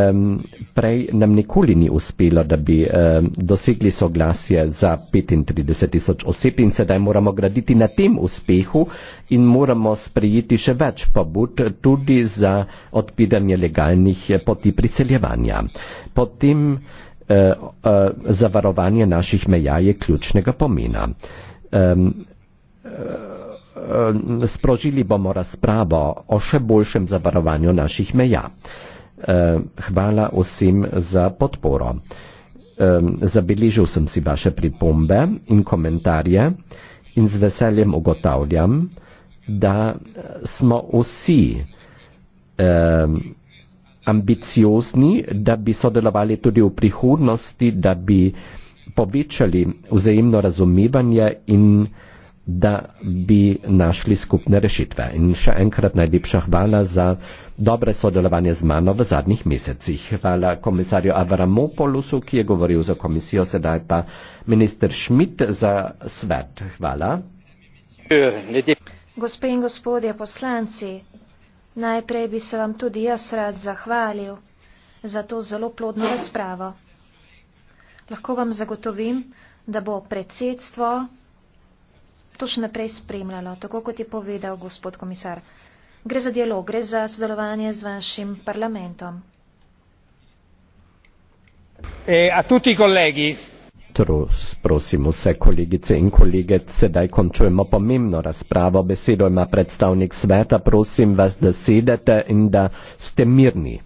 um, prej nam nikoli ni uspelo, da bi um, dosegli soglasje za 35 tisoč oseb in sedaj moramo graditi na tem uspehu in moramo sprejeti še več pobud tudi za odpiranje legalnih poti priseljevanja. Potem uh, uh, zavarovanje naših meja je ključnega pomena. Um, Sprožili bomo razpravo o še boljšem zavarovanju naših meja. Eh, hvala vsem za podporo. Zabeležil sem si vaše pripombe in komentarje in z veseljem ugotavljam, da eh, smo vsi ambiciozni, da bi sodelovali tudi v prihodnosti, da bi povečali vzajemno razumevanje in da bi našli skupne rešitve. In še enkrat najlepša hvala za dobre sodelovanje z mano v zadnjih mesecih. Hvala komisarju Avramopolusu, ki je govoril za komisijo, sedaj pa minister Schmidt za svet. Hvala. Gospe in gospodje poslanci, najprej bi se vam tudi jaz rad zahvalil za to zelo plodno razpravo. Lahko vam zagotovim, da bo predsedstvo to še naprej spremljalo, tako kot je povedal gospod komisar gre za dialog, gre za sodelovanje z vašim parlamentom. E a tutti i colleghi. Trus, prosim vse kolegice in kolege, sedaj končujemo pomembno razpravo. Besedo ima predstavnik sveta, prosim vas, da sedete in da ste mirni.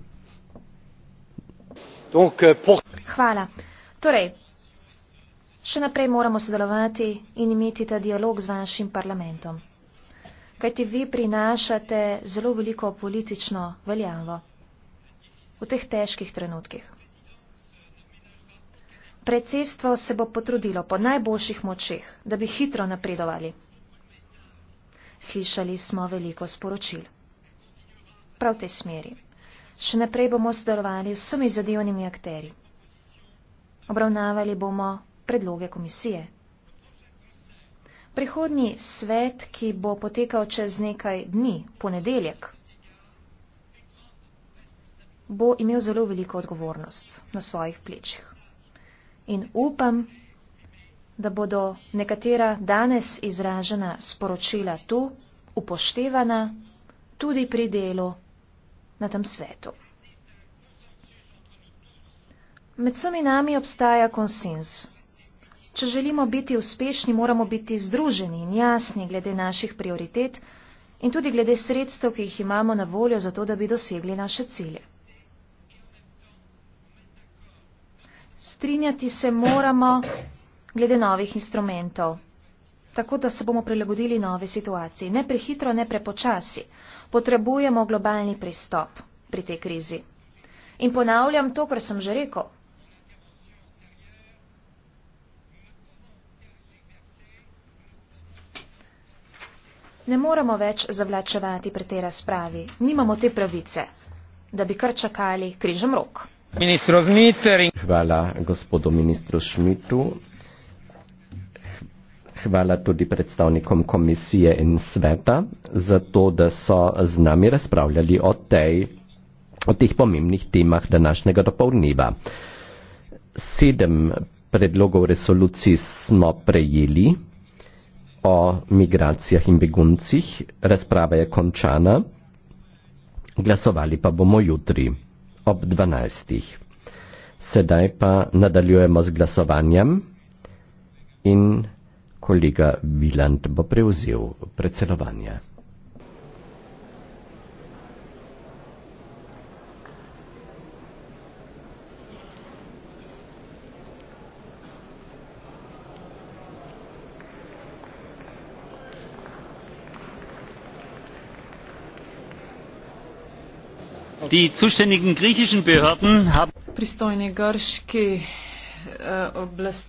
Donc, euh, por... Hvala. Torej, še naprej moramo sodelovati in imeti ta dialog z vašim parlamentom kajti vi prinašate zelo veliko politično veljavo v teh težkih trenutkih. Predsedstvo se bo potrudilo po najboljših močeh, da bi hitro napredovali. Slišali smo veliko sporočil. Prav te smeri. Še naprej bomo sodelovali vsemi zadevnimi akteri. Obravnavali bomo predloge komisije. Prihodnji svet, ki bo potekal čez nekaj dni, ponedeljek, bo imel zelo veliko odgovornost na svojih plečih. In upam, da bodo nekatera danes izražena sporočila tu upoštevana tudi pri delu na tem svetu. Med vsemi nami obstaja konsens. Če želimo biti uspešni, moramo biti združeni in jasni glede naših prioritet in tudi glede sredstev, ki jih imamo na voljo za to, da bi dosegli naše cilje. Strinjati se moramo glede novih instrumentov, tako da se bomo prilagodili nove situaciji. Ne prehitro, ne prepočasi. Potrebujemo globalni pristop pri tej krizi. In ponavljam to, kar sem že rekel. ne moremo več zavlačevati pri tej razpravi. Nimamo te pravice, da bi kar čakali križem rok. Hvala gospodu ministru Šmitu. Hvala tudi predstavnikom komisije in sveta za to, da so z nami razpravljali o, tej, o teh pomembnih temah današnjega dopolniva. Sedem predlogov resolucij smo prejeli o migracijah in beguncih. Razprava je končana. Glasovali pa bomo jutri ob 12. Sedaj pa nadaljujemo z glasovanjem in kolega Viland bo prevzel predsedovanje. Die zuständigen griechischen Behörden haben